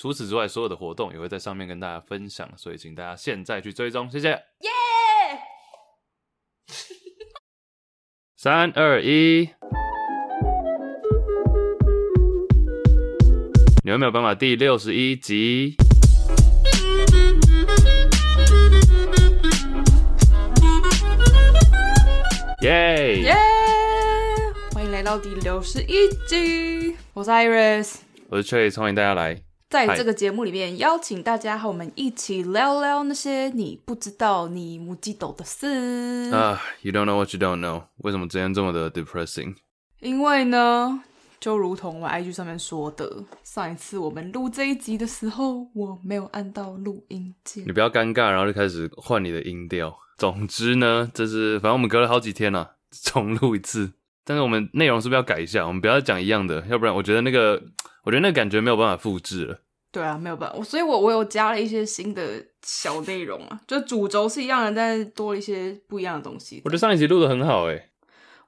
除此之外，所有的活動也會在上面跟大家分享，所以請大家現在去追蹤，謝謝。耶、yeah! 三二一， 你有沒有辦法？第六十一集。耶！耶 ！Yeah! Yeah! 歡迎來到第六十一集，我是 Iris，我是 Chase，歡迎大家來。在這個節目裡面，邀請大家和我們一起聊聊那些你不知道、你不知道的事。啊，uh，You don't know what you don't know。為什麼今天這麼的 depressing？因為呢，就如同我 IG 上面說的，上一次我們錄這一集的時候，我沒有按到錄音鍵。你不要尷尬，然後就開始換你的音調。總之呢，這是反正我們隔了好幾天了啊，重錄一次。但是我們內容是不是要改一下？我們不要講一樣的，要不然我覺得那個。我覺得那感覺沒有辦法複製了。對啊，沒有辦法，所以我我有加了一些新的小內容啊，就主軸是一樣的，但是多了一些不一樣的東西。感覺，我覺得上一集錄得很好誒，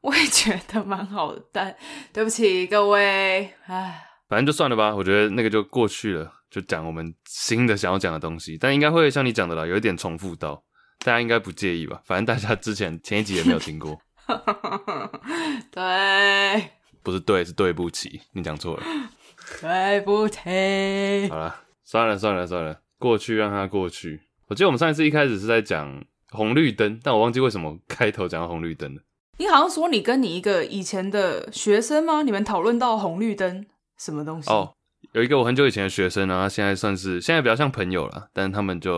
我也覺得蠻好的，但對不起各位，唉，反正就算了吧，我覺得那個就過去了，就講我們新的想要講的東西，但應該會像你講的啦，有一點重複到，大家應該不介意吧？反正大家之前前一集也沒有聽過。 對，不是對，是對不起，你講錯了。快不停。好啦算了，算了算了算了，過去讓它過去。我記得我們上一次一開始是在講紅綠燈，但我忘記為什麼開頭講到紅綠燈了。你好像說你跟你一個以前的學生嗎？你們討論到紅綠燈什麼東西？哦、oh，有一個我很久以前的學生，然後他現在算是現在比較像朋友了，但是他們就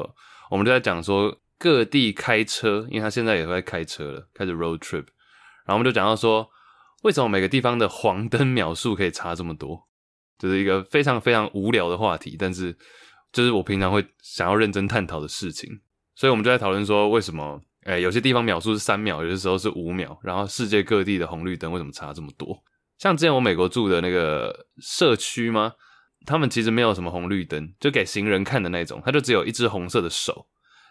我們就在講說各地開車，因為他現在也會在開車了，開始 road trip，然後我們就講到說為什麼每個地方的黃燈秒數可以差這麼多。這是一個非常非常無聊的話題，但是就是我平常會想要認真探討的事情，所以我們就在討論說，為什麼，誒、欸，有些地方秒數是三秒，有些時候，是五秒，然後世界各地的紅綠燈為什麼差這麼多？像之前我美國住的那個社區嗎？他們其實沒有什麼紅綠燈，就給行人看的那種，它就只有一隻紅色的手，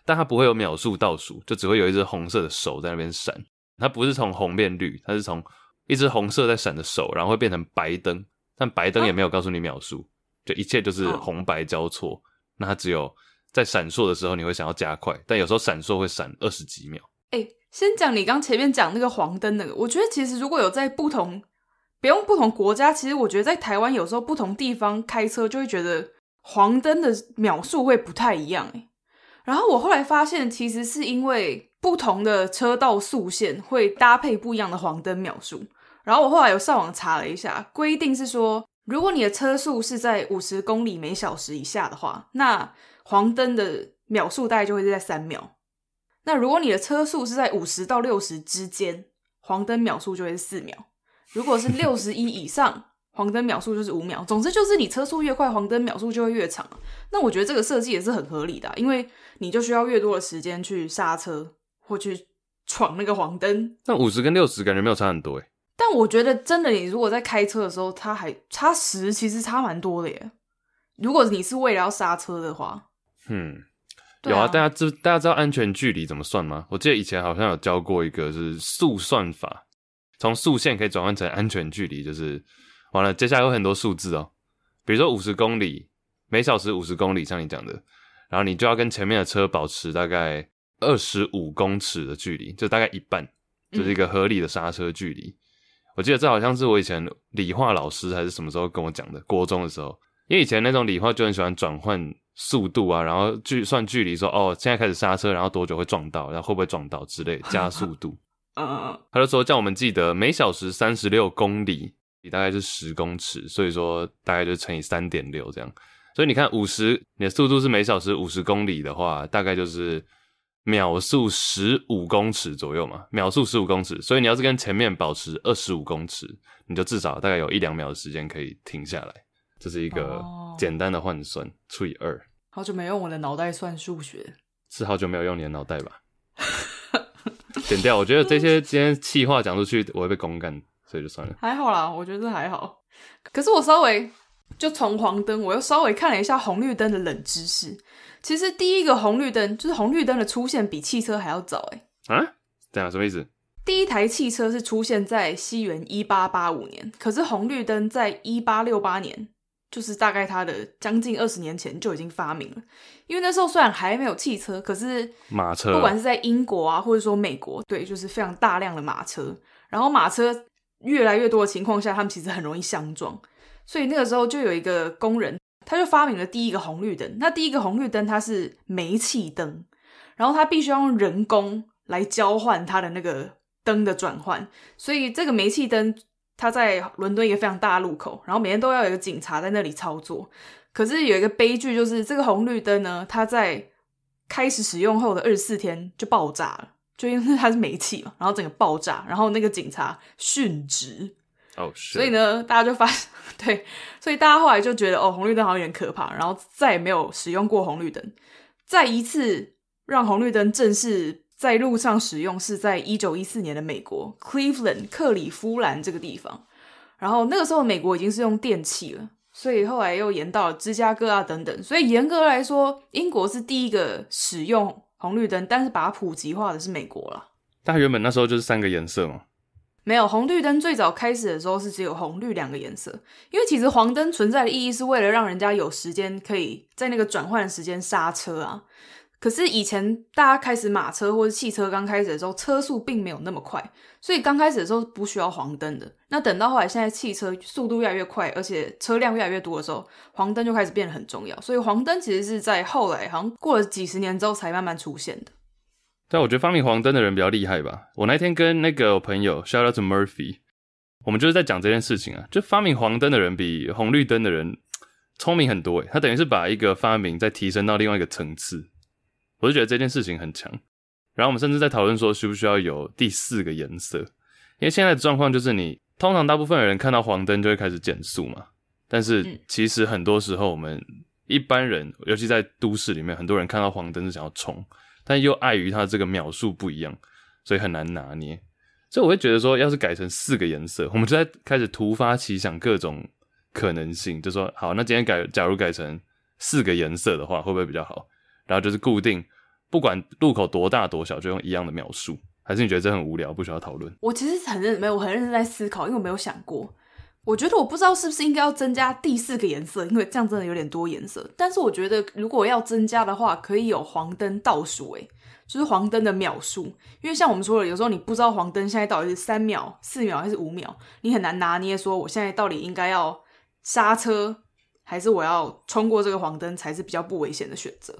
但它不會有秒數倒數，就只會有一隻紅色的手在那邊閃，它不是從紅變綠，它是從一隻紅色在閃的手，然後會變成白燈。但白燈也沒有告訴你秒數、啊，就一切就是紅白交錯、啊。那它只有在閃爍的時候，你會想要加快。但有時候閃爍會閃二十幾秒。哎、欸，先講你剛前面講那個黃燈那個，我覺得其實如果有在不同，別用不同國家，其實我覺得在台灣有時候不同地方開車就會覺得黃燈的秒數會不太一樣、欸。然後我後來發現，其實是因為不同的車道速限會搭配不一樣的黃燈秒數。然後我後來有上網查了一下，規定是說，如果你的車速是在五十公里每小時以下的話，那黃燈的秒數大概就會是在三秒；那如果你的車速是在五十到六十之間，黃燈秒數就會是四秒；如果是六十一以上， 黃燈秒數就是五秒。總之就是你車速越快，黃燈秒數就會越長。那我覺得這個設計也是很合理的啊，因為你就需要越多的時間去剎車或去闖那個黃燈。那五十跟六十感覺沒有差很多誒。但我覺得，真的，你如果在開車的時候差，它還差十，其實差蠻多的耶。如果你是為了要剎車的話，嗯，對啊，有啊，大家知，大家知道安全距離怎麼算嗎？我記得以前好像有教過一個是速算法，從速限可以轉換成安全距離，就是完了，接下來有很多數字哦，比如說五十公里每小時，五十公里，像你講的，然後你就要跟前面的車保持大概二十五公尺的距離，就大概一半，就是一個合理的剎車距離。嗯我記得這好像是我以前理化老師還是什麼時候跟我講的，國中的時候，因為以前那種理化就很喜歡轉換速度啊，然後距算距離，說哦現在開始剎車，然後多久會撞到，然後會不會撞到之類，加速度，嗯嗯，他就說叫我們記得每小時三十六公里，也大概是十公尺，所以說大概就乘以三點六這樣，所以你看五十，你的速度是每小時五十公里的話，大概就是。秒速十五公尺左右嘛，秒速十五公尺，所以你要是跟前面保持二十五公尺，你就至少大概有一兩秒的時間可以停下來。這是一個簡單的換算、哦，除以二。好久沒用我的腦袋算數學，是好久沒有用你的腦袋吧？ 剪掉，我覺得這些今天氣話講出去，我會被攻幹，所以就算了。還好啦，我覺得還好。可是我稍微就從黃燈，我又稍微看了一下紅綠燈的冷知識。其實第一個紅綠燈就是紅綠燈的出現比汽車還要早哎、欸、啊，這樣什麼意思？第一台汽車是出現在西元一八八五年，可是紅綠燈在一八六八年，就是大概它的將近二十年前就已經發明了。因為那時候雖然還沒有汽車，可是馬車不管是在英國啊，或者說美國，對，就是非常大量的馬車。然後馬車越來越多的情況下，他們其實很容易相撞，所以那個時候就有一個工人。他就發明了第一個紅綠燈。那第一個紅綠燈它是煤氣燈，然後它必須要用人工來交換它的那個燈的轉換。所以這個煤氣燈，它在倫敦一個非常大的路口，然後每天都要有一個警察在那裡操作。可是有一個悲劇，就是這個紅綠燈呢，它在開始使用後的二十四天就爆炸了，就因為它是煤氣嘛，然後整個爆炸，然後那個警察殉職。哦，是。所以呢，大家就發，對，所以大家後來就覺得，哦，紅綠燈好像有點可怕，然後再也沒有使用過紅綠燈。再一次讓紅綠燈正式在路上使用，是在一九一四年的美國 Cleveland 克里夫蘭這個地方。然後那個時候美國已經是用電器了，所以後來又延到了芝加哥啊等等。所以嚴格來說，英國是第一個使用紅綠燈，但是把它普及化的是美國啦。但原本那時候就是三個顏色嘛。沒有，紅綠燈最早開始的時候是只有紅綠兩個顏色，因為其實黃燈存在的意義是為了讓人家有時間可以在那個轉換的時間剎車啊。可是以前大家開始馬車或者汽車剛開始的時候，車速並沒有那麼快，所以剛開始的時候不需要黃燈的。那等到後來，現在汽車速度越來越快，而且車輛越來越多的時候，黃燈就開始變得很重要。所以黃燈其實是在後來好像過了幾十年之後才慢慢出現的。但我覺得發明黃燈的人比較厲害吧。我那天跟那個我朋友 Shout out to Murphy，我們就是在講這件事情啊，就發明黃燈的人比紅綠燈的人聰明很多誒。他等於是把一個發明再提升到另外一個層次。我就覺得這件事情很強。然後我們甚至在討論說，需不需要有第四個顏色？因為現在的狀況就是你，你通常大部分的人看到黃燈就會開始減速嘛。但是其實很多時候，我們一般人，尤其在都市裡面，很多人看到黃燈就想要衝。但又礙於它這個秒數不一樣，所以很難拿捏。所以我會覺得說，要是改成四個顏色，我們就在開始突發奇想各種可能性，就說好，那今天改，假如改成四個顏色的話，會不會比較好？然後就是固定，不管路口多大多小，就用一樣的秒數。還是你覺得這很無聊，不需要討論？我其實很認，沒有，我很認真在思考，因為我沒有想過。我覺得我不知道是不是應該要增加第四個顏色，因為這樣真的有點多顏色。但是我覺得如果要增加的話，可以有黃燈倒數，誒就是黃燈的秒數。因為像我們說的，有時候你不知道黃燈現在到底是三秒、四秒還是五秒，你很難拿捏說我現在到底應該要剎車，還是我要衝過這個黃燈才是比較不危險的選擇？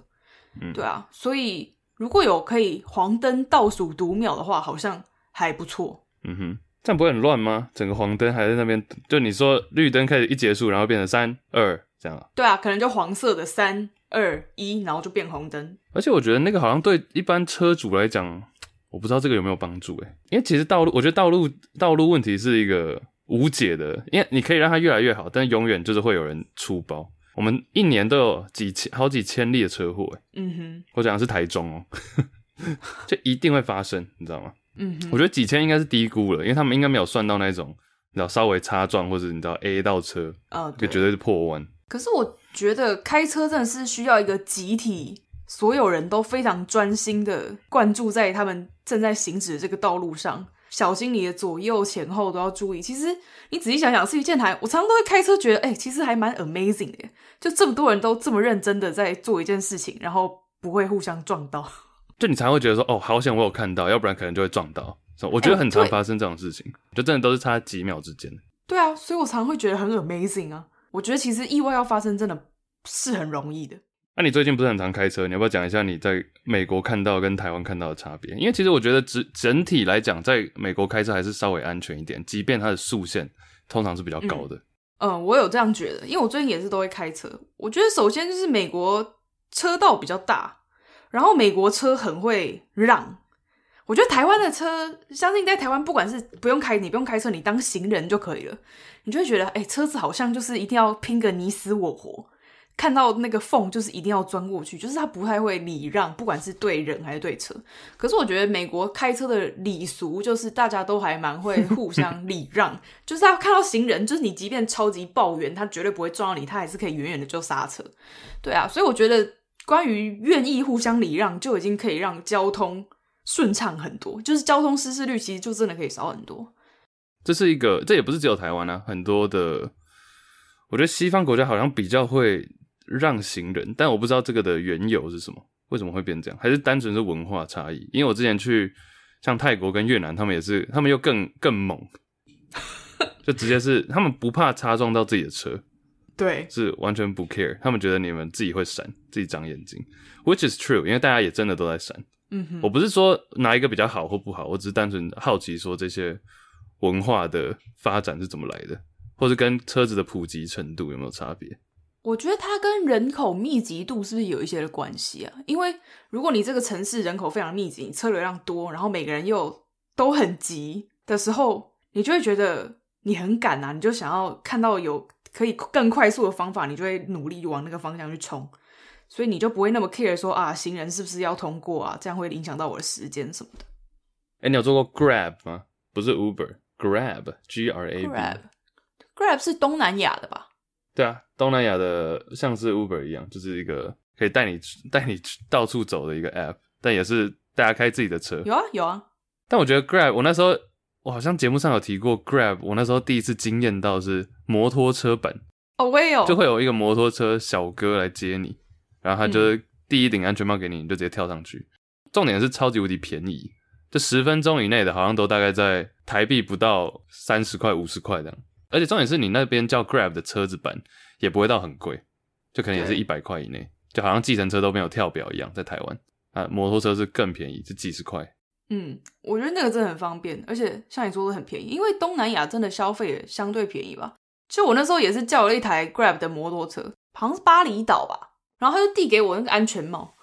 嗯，對啊。所以如果有可以黃燈倒數讀秒的話，好像還不錯。嗯哼。這樣不會很亂嗎？整個黃燈還在那邊，就你說綠燈開始一結束，然後變成三二這樣啊？對啊，可能就黃色的三二一，然後就變紅燈。而且我覺得那個好像對一般車主來講，我不知道這個有沒有幫助哎。因為其實道路，我覺得道路道路問題是一個無解的，因為你可以讓它越來越好，但永遠就是會有人出包。我們一年都有幾千、好幾千例的車禍哎，嗯哼。或者講是台中哦、喔， 就一定會發生，你知道嗎？嗯，我覺得幾千應該是低估了，因為他們應該沒有算到那種，你知道稍微擦撞或者你知道 A 到倒車啊，就、哦、絕對是破萬。可是我覺得開車真的是需要一個集體，所有人都非常專心的灌注在他們正在行駛的這個道路上，小心你的左右前後都要注意。其實你仔細想想是一件台，我常常都會開車覺得，哎、欸，其實還蠻 amazing 的，就這麼多人都這麼認真的在做一件事情，然後不會互相撞到。就你常會覺得說哦，好險，我有看到，要不然可能就會撞到。所以我覺得很常發生這種事情、欸，就真的都是差幾秒之間。對啊，所以我常會覺得很 amazing 啊。我覺得其實意外要發生，真的是很容易的。那、啊、你最近不是很常開車？你要不要講一下你在美國看到跟台灣看到的差別？因為其實我覺得整整體來講，在美國開車還是稍微安全一點，即便它的速限通常是比較高的嗯。嗯，我有這樣覺得，因為我最近也是都會開車。我覺得首先就是美國車道比較大。然後美國車很會讓，我覺得台灣的車，相信在台灣不管是不用開，你不用開車，你當行人就可以了，你就會覺得，誒、欸，車子好像就是一定要拼個你死我活，看到那個縫就是一定要鑽過去，就是他不太會禮讓，不管是對人還是對車。可是我覺得美國開車的禮俗就是大家都還蠻會互相禮讓， 就是他看到行人，就是你即便超級抱怨，他絕對不會撞到你，他還是可以遠遠的就剎車。對啊，所以我覺得。關於願意互相禮讓，就已經可以讓交通順暢很多，就是交通失事率其實就真的可以少很多。這是一個，這也不是只有台灣啊，很多的，我覺得西方國家好像比較會讓行人，但我不知道這個的緣由是什麼，為什麼會變這樣，還是單純是文化差異？因為我之前去像泰國跟越南，他們也是，他們又更更猛，就直接是 他們不怕擦撞到自己的車。對，是完全不 care，他們覺得你們自己會閃，自己長眼睛，Which is true，因為大家也真的都在閃。嗯哼，我不是說哪一個比較好或不好，我只是單純好奇說這些文化的發展是怎麼來的，或是跟車子的普及程度有沒有差別？我覺得它跟人口密集度是不是有一些的關係啊？因為如果你這個城市人口非常密集，你車流量多，然後每個人又都很急的時候，你就會覺得你很趕啊，你就想要看到有。可以更快速的方法，你就會努力往那個方向去衝，所以你就不會那麼 care 說啊，行人是不是要通過啊？這樣會影響到我的時間什麼的。哎、欸，你有做過 Grab 嗎？不是 Uber，Grab，G-R-A-B，Grab 是東南亞的吧？對啊，東南亞的像是 Uber 一樣，就是一個可以帶你帶你到處走的一個 App，但也是大家開自己的車。有啊有啊，但我覺得 Grab，我那時候。我好像節目上有提過 Grab，我那時候第一次驚艷到是摩托車版哦，我也有，就會有一個摩托車小哥來接你，然後他就是第一頂安全帽給你，你就直接跳上去。嗯、重點是超級無敵便宜，就十分鐘以內的好像都大概在台幣不到三十塊、五十塊這樣，而且重點是你那邊叫 Grab 的車子版也不會到很貴，就可能也是一百塊以內，就好像計程車都沒有跳表一樣，在台灣啊，摩托車是更便宜，就幾十塊。嗯，我覺得那個真的很方便，而且像你說的很便宜，因為東南亞真的消費也相對便宜吧。就我那時候也是叫了一台 Grab 的摩托車，好像是巴厘島吧，然後他就遞給我那個安全帽。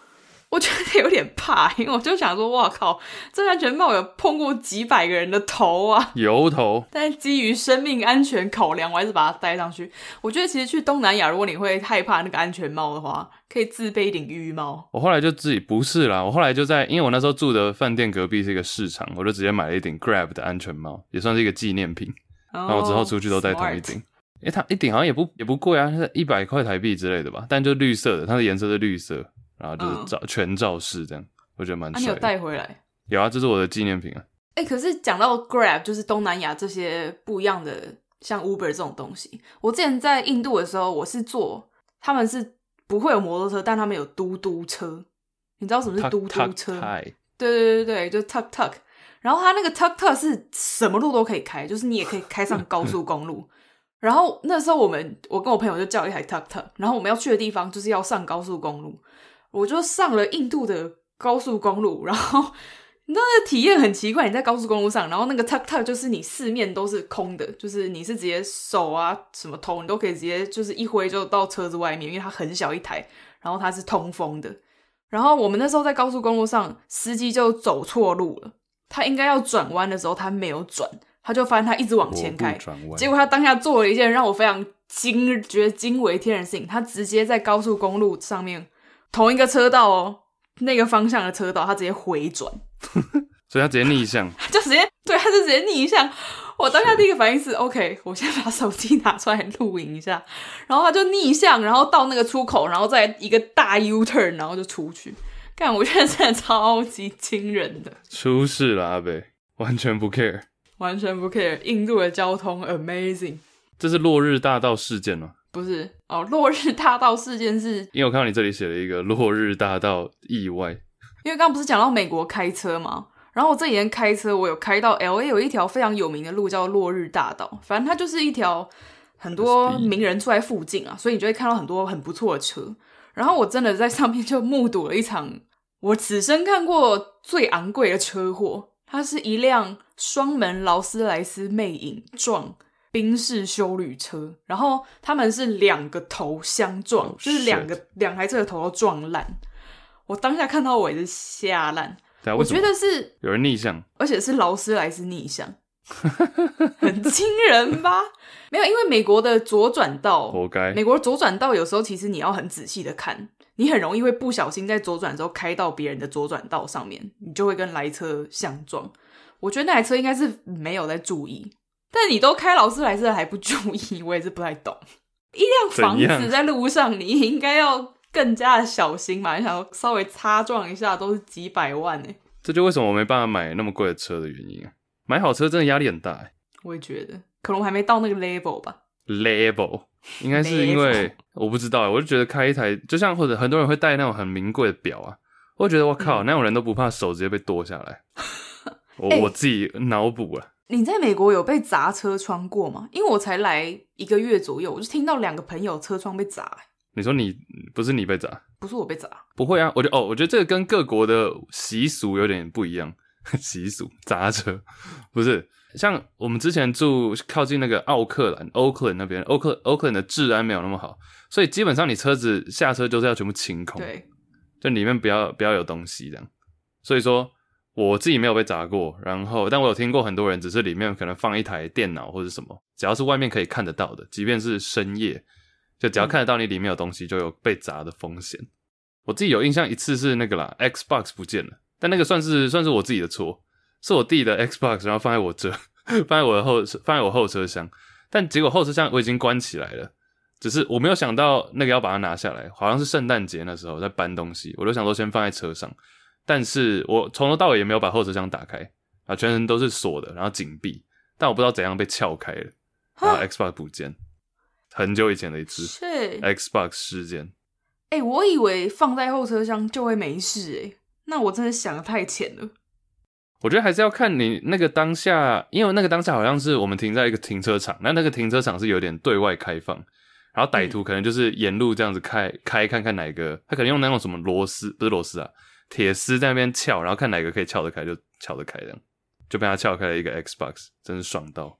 我覺得有點怕，因為我就想說，哇靠，這安全帽有碰過幾百個人的頭啊，油頭。但基於生命安全考量，我還是把它戴上去。我覺得其實去東南亞，如果你會害怕那個安全帽的話，可以自備一頂浴帽。我後來就自己，不是啦，我後來就在，因為我那時候住的飯店隔壁是一個市場，我就直接買了一頂 Grab 的安全帽，也算是一個紀念品。然後我之後出去都戴同一頂，誒、oh, 欸、它一頂好像也不也不貴啊，是一百塊台幣之類的吧，但就綠色的，它的顏色是綠色。然後就是照全照式這樣、嗯，我覺得蠻的。啊、你有帶回來？有啊，這是我的紀念品啊。哎、欸，可是講到 Grab，就是東南亞這些不一樣的，像 Uber 這種東西。我之前在印度的時候，我是坐，他們是不會有摩托車，但他們有嘟嘟車。你知道什麼是嘟嘟車？哦、嘟嘟嘟嘟對對對對就就 Tuk Tuk。然後他那個 Tuk Tuk 是什麼路都可以開，就是你也可以開上高速公路。 然後那時候我們，我跟我朋友就叫一台 Tuk Tuk，然後我們要去的地方就是要上高速公路。我就上了印度的高速公路，然後那個體驗很奇怪。你在高速公路上，然後那個 tuk tuk 就是你四面都是空的，就是你是直接手啊什麼頭，你都可以直接就是一揮就到車子外面，因為它很小一台，然後它是通風的。然後我們那時候在高速公路上，司機就走錯路了。他應該要轉彎的時候，他沒有轉，他就發現他一直往前開。結果他當下做了一件讓我非常驚，覺得驚為天人事情。他直接在高速公路上面。同一個車道，喔，哦，那個方向的車道，他直接回轉， 所以他直接逆向，就直接對，他就直接逆向。我當下第一個反應是，是，OK，我先把手機拿出來錄影一下。然後他就逆向，然後到那個出口，然後再一個大 U turn，然後就出去。幹，我現在真的超級驚人的。出事了，阿伯，完全不 care，完全不 care。印度的交通，amazing。這是落日大道事件嗎？啊？就是哦，落日大道事件是，因為我看到你這裡寫了一個落日大道意外，因為剛剛不是講到美國開車嘛，然後我這幾天開車，我有開到 LA，有一條非常有名的路叫落日大道，反正它就是一條很多名人住在附近啊，所以你就會看到很多很不錯的車。然後我真的在上面就目睹了一場我此生看過最昂貴的車禍，它是一輛雙門勞斯萊斯魅影撞。賓士休旅車，然後他們是兩個頭相撞，oh, 就是兩個兩台車的頭都撞爛。我當下看到我也是嚇爛，我覺得是有人逆向，而且是勞斯萊斯逆向， 很驚人吧？ 沒有，因為美國的左轉道，活該。美國左轉道有時候其實你要很仔細的看，你很容易會不小心在左轉之後開到別人的左轉道上面，你就會跟來車相撞。我覺得那台車應該是沒有在注意。但你都開勞斯萊斯還不注意，我也是不太懂。 一輛房子在路上，你應該要更加的小心嘛，你想要稍微擦撞一下，都是幾百萬誒。這就為什麼我沒辦法買那麼貴的車的原因，啊，買好車真的壓力很大誒、欸、我也覺得，可能我還沒到那個 level 吧。level 應該是因為我不知道，欸，我就覺得開一台，就像或者很多人會戴那種很名貴的錶啊，我就覺得我靠，嗯，那種人都不怕手直接被剁下來， 欸，我我自己腦補啊。你在美國有被砸車窗過嗎？因為我才來一個月左右，我就聽到兩個朋友車窗被砸。你說你不是你被砸？不是，我被砸。不會啊！我覺，哦，我覺得這個跟各國的習俗有點不一樣。習 俗砸車，不是像我們之前住靠近那個奧克蘭，奧克蘭那邊，奧克、奧克蘭的治安沒有那麼好，所以基本上你車子下車就是要全部清空，對，就裡面不要、不要有東西這樣。所以說。我自己沒有被砸過，然後但我有聽過很多人，只是裡面可能放一台電腦或者什麼，只要是外面可以看得到的，即便是深夜，就只要看得到你裡面有東西，就有被砸的風險。嗯。我自己有印象一次是那個啦，Xbox 不見了，但那個算是算是我自己的錯，是我弟的 Xbox 然後放在我這，放在我的後放在我後車廂，但結果後車廂我已經關起來了，只是我沒有想到那個要把它拿下來，好像是聖誕節那時候在搬東西，我都想說先放在車上。但是我從頭到尾也沒有把後車廂打開，啊，全程都是鎖的，然後緊閉。但我不知道怎樣被撬開了，然後 Xbox 補間很久以前的一次是 Xbox 事件。哎、欸，我以為放在後車廂就會沒事。哎、欸，那我真的想得太淺了。我覺得還是要看你那個當下，因為那個當下好像是我們停在一個停車場，那那個停車場是有點對外開放，然後歹徒可能就是沿路這樣子開、嗯、開看看哪個，他可能用那種什麼螺絲，不是螺絲啊。鐵絲在那邊撬，然後看哪個可以撬得開，就撬得開。這樣就被他撬開了一個 Xbox，真是爽到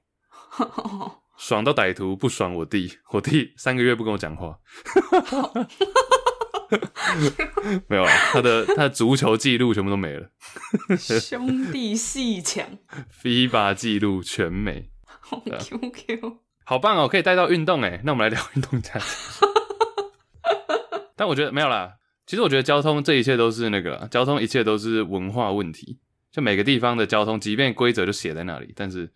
，oh. 爽到歹徒不爽我弟，我弟三個月不跟我講話， oh. 沒有、啊、他的他的足球記錄全部都沒了， 兄弟戲強，FIFA 記錄全沒、oh，QQ 好棒哦，可以帶到運動誒，那我們來聊運動一下， 但我覺得沒有啦。其實我覺得交通這一切都是那個，交通一切都是文化問題。就每個地方的交通，即便規則就寫在那裡，但是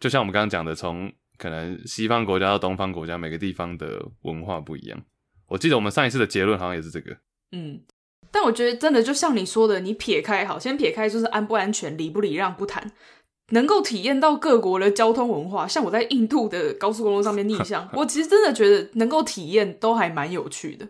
就像我們剛剛講的，從可能西方國家到東方國家，每個地方的文化不一樣。我記得我們上一次的結論好像也是這個。嗯，但我覺得真的就像你說的，你撇開好，先撇開就是安不安全、禮不禮讓不談，能夠體驗到各國的交通文化。像我在印度的高速公路上面逆向， 我其實真的覺得能夠體驗都還蠻有趣的。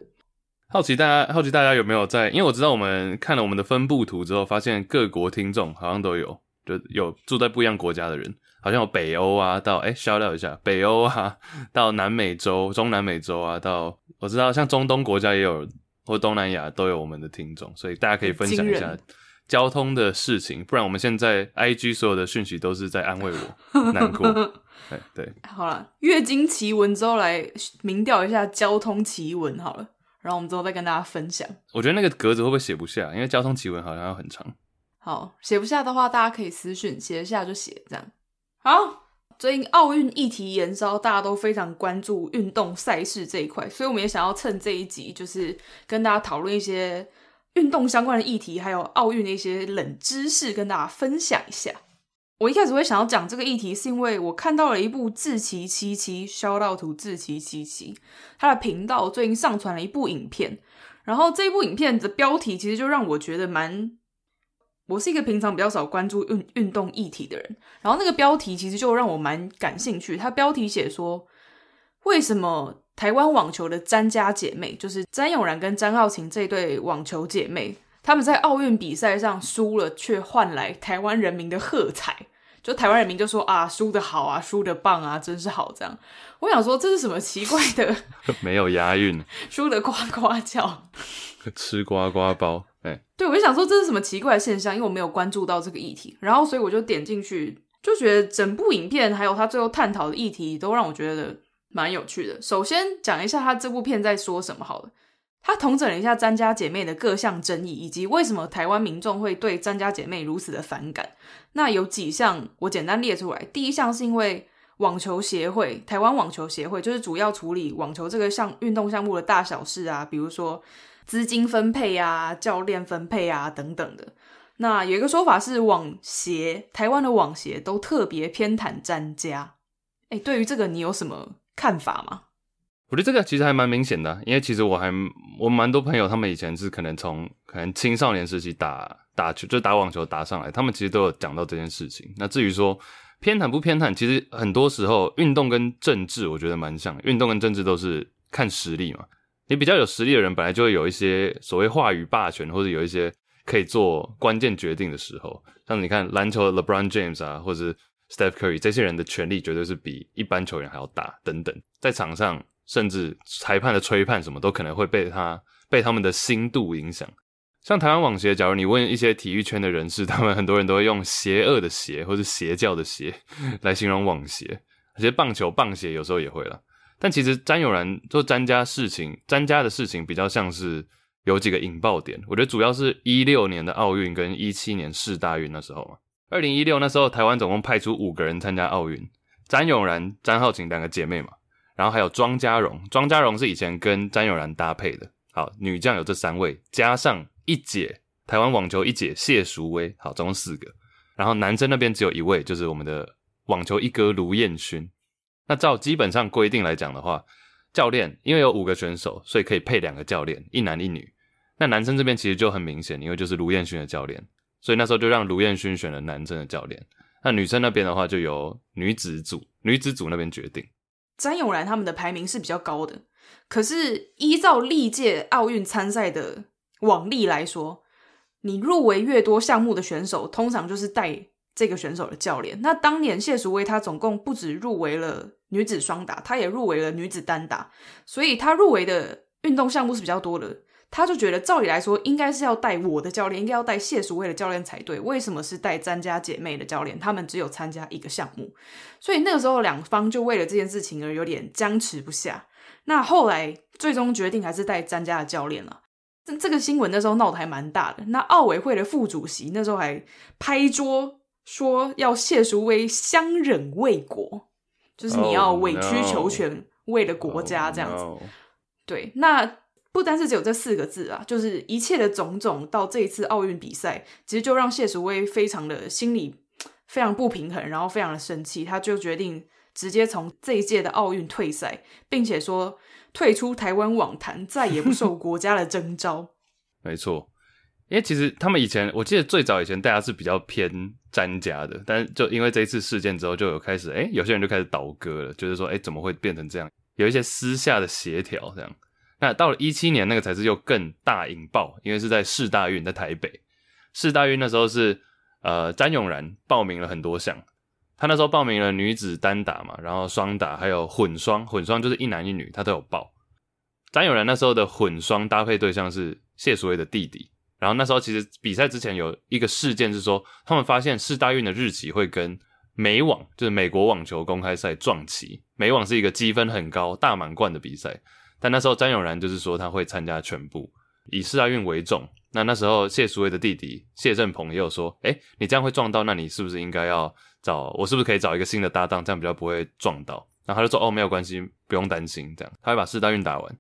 好奇，大家好奇，大家有沒有在？因為我知道我們看了我們的分布圖之後，發現各國聽眾好像都有，就有住在不一樣國家的人，好像有北歐啊到，到、欸、哎，shout out 一下北歐啊，到南美洲、中南美洲啊到，到我知道像中東國家也有，或東南亞都有我們的聽眾，所以大家可以分享一下交通的事情，不然我們現在 IG 所有的訊息都是在安慰我 難過。對，對好了，月經奇聞之後來民調一下交通奇聞，好了。然後我們之後再跟大家分享。我覺得那個格子會不會寫不下？因為交通奇聞好像要很長。好，寫不下的話，大家可以私訊；寫得下就寫這樣。好，最近奧運議題延燒，大家都非常關注運動賽事這一塊，所以我們也想要趁這一集，就是跟大家討論一些運動相關的議題，還有奧運的一些冷知識，跟大家分享一下。我一開始會想要講這個議題，是因為我看到了一部《志祺七七》Shoutout，《志祺七七》他的頻道最近上傳了一部影片，然後這部影片的標題其實就讓我覺得蠻……我是一個平常比較少關注運運動議題的人，然後那個標題其實就讓我蠻感興趣。它標題寫說：“為什麼台灣網球的詹家姐妹，就是詹詠然跟詹皓晴這對網球姐妹？”他們在奧運比賽上輸了，卻換來台灣人民的喝彩。就台灣人民就說啊，輸得好啊，輸得棒啊，真是好這樣。我想說這是什麼奇怪的 沒有押韻，輸得呱呱叫， 吃呱呱包。哎、欸，對，我就想說這是什麼奇怪的現象？因為我沒有關注到這個議題，然後所以我就點進去，就覺得整部影片還有他最後探討的議題都讓我覺得蠻有趣的。首先講一下他這部片在說什麼好了。他統整了一下詹家姐妹的各項爭議，以及為什麼台灣民眾會對詹家姐妹如此的反感。那有幾項我簡單列出來，第一項是因為網球協會，台灣網球協會就是主要處理網球這個項運動項目的大小事啊，比如說資金分配啊、教練分配啊等等的。那有一個說法是網協，台灣的網協都特別偏袒詹家。誒、欸，對於這個你有什麼看法嗎？我覺得這個其實還蠻明顯的啊，因為其實我還我蠻多朋友，他們以前是可能從可能青少年時期打打球，就是打網球打上來，他們其實都有講到這件事情。那至於說偏袒不偏袒，其實很多時候運動跟政治，我覺得蠻像的，運動跟政治都是看實力嘛。你比較有實力的人，本來就會有一些所謂話語霸權，或者有一些可以做關鍵決定的時候。像你看籃球的 LeBron James 啊，或者是 Steph Curry 這些人的權力，絕對是比一般球員還要大。等等，在場上。甚至裁判的吹判，什麼都可能會被他被他們的心度影響。像台灣網協，假如你問一些體育圈的人士，他們很多人都會用“邪惡的邪”或是“邪教的邪 ”來形容網協。其實棒球棒協有時候也會啦，但其實詹詠然，做詹家事情，詹家的事情比較像是有幾個引爆點。我覺得主要是一六年的奧運跟一七年世大運那時候嘛。二零一六那時候，台灣總共派出五個人參加奧運，詹詠然、詹皓晴兩個姐妹嘛。然後還有莊佳容，莊佳容是以前跟詹詠然搭配的。好，女將有這三位，加上一姐，台灣網球一姐謝淑薇。好，總共四個。然後男生那邊只有一位，就是我們的網球一哥盧彥勛。那照基本上規定來講的話，教練因為有五個選手，所以可以配兩個教練，一男一女。那男生這邊其實就很明顯，因為就是盧彥勛的教練，所以那時候就讓盧彥勛選了男生的教練。那女生那邊的話，就由女子組女子組那邊決定。詹詠然他們的排名是比較高的，可是依照歷屆奧運參賽的往例來說，你入圍越多項目的選手，通常就是帶這個選手的教練。那當年謝淑薇她總共不止入圍了女子雙打，她也入圍了女子單打，所以她入圍的運動項目是比較多的。他就覺得，照理來說，應該是要帶我的教練，應該要帶謝淑薇的教練才對。為什麼是帶詹家姐妹的教練？他們只有參加一個項目，所以那個時候兩方就為了這件事情而有點僵持不下。那後來最終決定還是帶詹家的教練了。這這個新聞那時候鬧得還蠻大的。那奧委會的副主席那時候還拍桌說要謝淑薇相忍為國，就是你要委曲求全為了國家這樣子。Oh, no. Oh, no. 對，那。不單是只有這四個字啊，就是一切的種種到這一次奧運比賽，其實就讓謝淑薇非常的心裡非常不平衡，然後非常的生氣，他就決定直接從這一屆的奧運退賽，並且說退出台灣網壇，再也不受國家的徵召。 沒錯，因為其實他們以前，我記得最早以前大家是比較偏詹家的，但是就因為這一次事件之後，就有開始哎、欸，有些人就開始倒戈了，就是說哎、欸，怎麼會變成這樣？有一些私下的協調這樣。那到了一七年，那個才是又更大引爆，因為是在世大運，在台北世大運那時候是呃，詹詠然報名了很多項，他那時候報名了女子單打嘛，然後雙打還有混雙，混雙就是一男一女，他都有報。詹詠然那時候的混雙搭配對象是謝淑薇的弟弟，然後那時候其實比賽之前有一個事件是說，他們發現世大運的日期會跟美網，就是美國網球公開賽撞期。美網是一個積分很高，大滿貫的比賽。但那時候，詹詠然就是說他會參加全部，以四大運為重。那那時候，謝淑薇的弟弟謝政鵬又說：“哎，你這樣會撞到，那你是不是應該要找我？是不是可以找一個新的搭檔，這樣比較不會撞到？”然後他就說：“哦，沒有關係，不用擔心。”這樣，他會把四大運打完。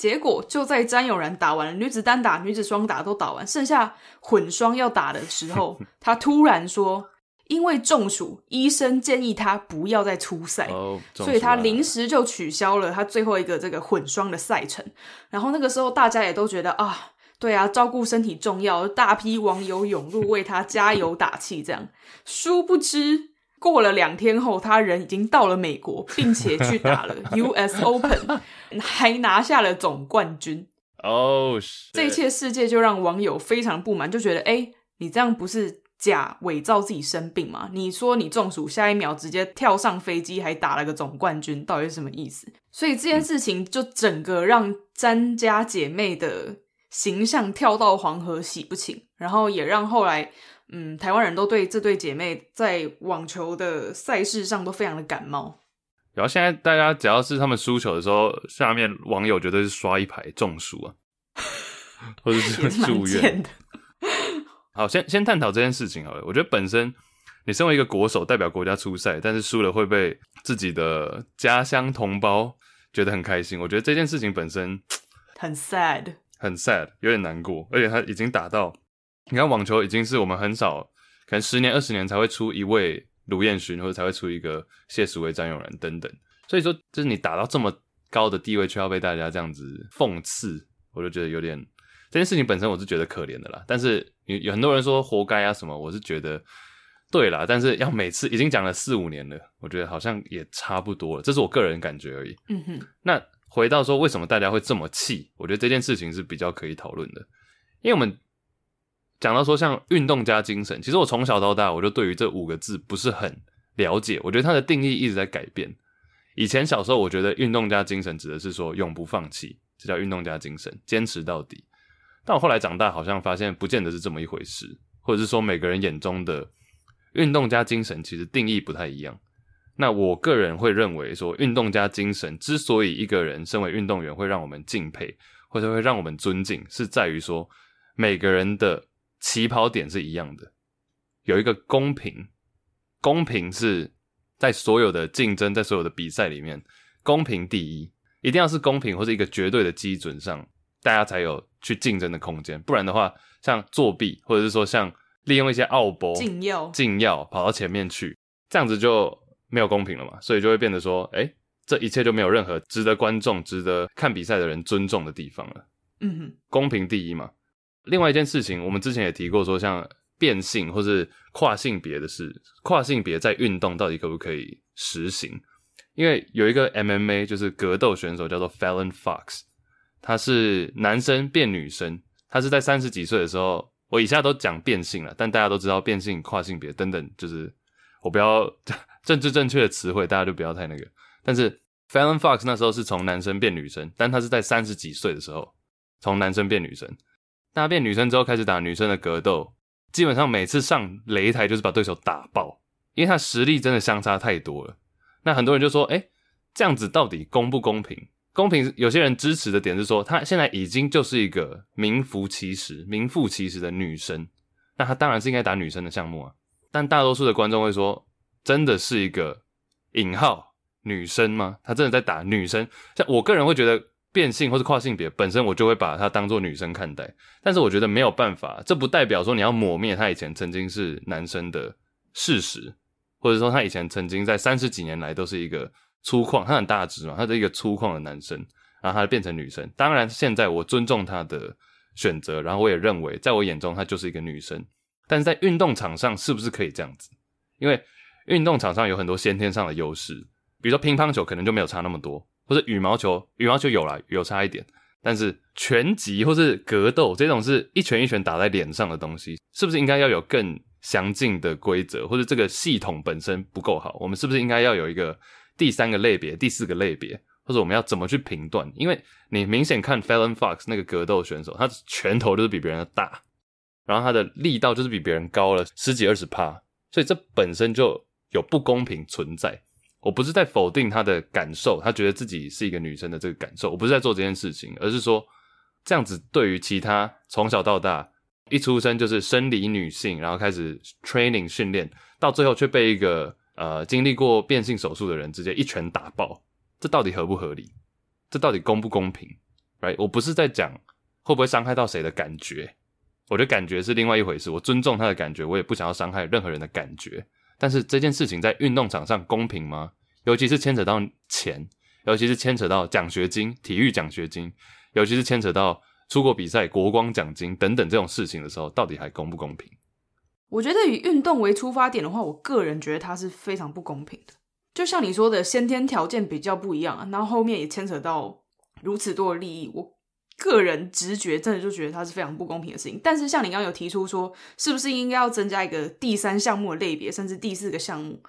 結果就在詹詠然打完了女子單打、女子雙打都打完，剩下混雙要打的時候， 他突然說。因為中暑，醫生建議他不要再出賽、oh,，所以他臨時就取消了他最後一個這個混雙的賽程。然後那個時候，大家也都覺得啊，對啊，照顧身體重要。大批網友湧入為他加油打氣。這樣， 殊不知過了兩天後，他人已經到了美國，並且去打了 US Open， 還拿下了總冠軍。哦，shit，這一切，世界就讓網友非常不滿，就覺得誒，你這樣不是。假偽造自己生病嘛？你說你中暑，下一秒直接跳上飛機，還打了個總冠軍，到底是什麼意思？所以這件事情就整個讓詹家姐妹的形象跳到黃河洗不清，然後也讓後來嗯台灣人都對這對姐妹在網球的賽事上都非常的感冒。然後現在大家只要是他們輸球的時候，下面網友絕對是刷一排中暑啊，或者是住院。好，先先探討這件事情好了。我覺得本身你身為一個國手，代表國家出賽，但是輸了會被自己的家鄉同胞覺得很開心。我覺得這件事情本身很 sad，很 sad，有點難過。而且他已經打到，你看網球已經是我們很少，可能十年、二十年才會出一位盧彥勳，或者才會出一個謝淑薇、詹詠然等等。所以說，就是你打到這麼高的地位，卻要被大家這樣子諷刺，我就覺得有點這件事情本身，我是覺得可憐的啦。但是有有很多人說活該啊什麼，我是覺得對啦。但是要每次已經講了四五年了，我覺得好像也差不多了，這是我個人感覺而已。嗯哼，那回到說為什麼大家會這麼氣，我覺得這件事情是比較可以討論的，因為我們講到說像運動家精神，其實我從小到大我就對於這五個字不是很了解，我覺得它的定義一直在改變。以前小時候我覺得運動家精神指的是說永不放棄，這叫運動家精神，堅持到底。但我後來長大，好像發現不見得是這麼一回事，或者是說每個人眼中的運動家精神其實定義不太一樣。那我個人會認為說，運動家精神之所以一個人身為運動員會讓我們敬佩，或者會讓我們尊敬，是在於說每個人的起跑點是一樣的，有一個公平，公平是在所有的競爭，在所有的比賽裡面，公平第一，一定要是公平或者一個絕對的基準上。大家才有去競爭的空間，不然的話，像作弊，或者是說像利用一些奧博禁藥、禁藥跑到前面去，這樣子就沒有公平了嘛。所以就會變得說，哎、欸，這一切就沒有任何值得觀眾、值得看比賽的人尊重的地方了。嗯哼，公平第一嘛。另外一件事情，我們之前也提過，說像變性或是跨性別的事，跨性別在運動到底可不可以實行？因為有一個 MMA 就是格鬥選手叫做 Fallon Fox。他是男生變女生，他是在三十幾歲的時候，我以下都講變性了，但大家都知道變性、跨性別等等，就是我不要政治正確的詞彙，大家就不要太那個。但是 Fallon Fox 那時候是從男生變女生，但他是在三十幾歲的時候從男生變女生，他變女生之後開始打女生的格鬥，基本上每次上擂台就是把對手打爆，因為他實力真的相差太多了。那很多人就說：“哎、欸，這樣子到底公不公平？”公平，有些人支持的點是說，她現在已經就是一個名副其實、名副其實的女生，那她當然是應該打女生的項目啊。但大多數的觀眾會說，真的是一個引號女生嗎？她真的在打女生？像我個人會覺得變性或者跨性別本身，我就會把她當做女生看待。但是我覺得沒有辦法，這不代表說你要抹滅她以前曾經是男生的事實，或者說她以前曾經在三十幾年來都是一個。粗獷，他很大只嘛，他是一個粗獷的男生，然後他就變成女生。當然，現在我尊重他的選擇，然後我也認為，在我眼中，他就是一個女生。但是在運動場上，是不是可以這樣子？因為運動場上有很多先天上的優勢，比如說乒乓球可能就沒有差那麼多，或者羽毛球，羽毛球有啦，有差一點。但是拳擊或是格鬥這種是一拳一拳打在臉上的東西，是不是應該要有更詳盡的規則，或者這個系統本身不夠好？我們是不是應該要有一個？第三個類別，第四個類別，或者我們要怎麼去評斷？因為你明顯看 Fallon Fox 那個格鬥選手，他拳頭就是比別人大，然後他的力道就是比別人高了十幾二十趴，所以這本身就有不公平存在。我不是在否定他的感受，他覺得自己是一個女生的這個感受，我不是在做這件事情，而是說這樣子對於其他從小到大一出生就是生理女性，然後開始 training 訓練，到最後卻被一個。呃，經歷過變性手術的人直接一拳打爆，這到底合不合理？這到底公不公平？來，Right?，我不是在講會不會傷害到誰的感覺，我的感覺是另外一回事。我尊重他的感覺，我也不想要傷害任何人的感覺。但是這件事情在運動場上公平嗎？尤其是牽扯到錢，尤其是牽扯到獎學金、體育獎學金，尤其是牽扯到出國比賽、國光獎金等等這種事情的時候，到底還公不公平？我覺得以運動為出發點的話，我個人覺得它是非常不公平的。就像你說的，先天條件比較不一樣，然後後面也牽扯到如此多的利益，我個人直覺真的就覺得它是非常不公平的事情。但是像你剛剛有提出說，是不是應該要增加一個第三項目的類別，甚至第四個項目？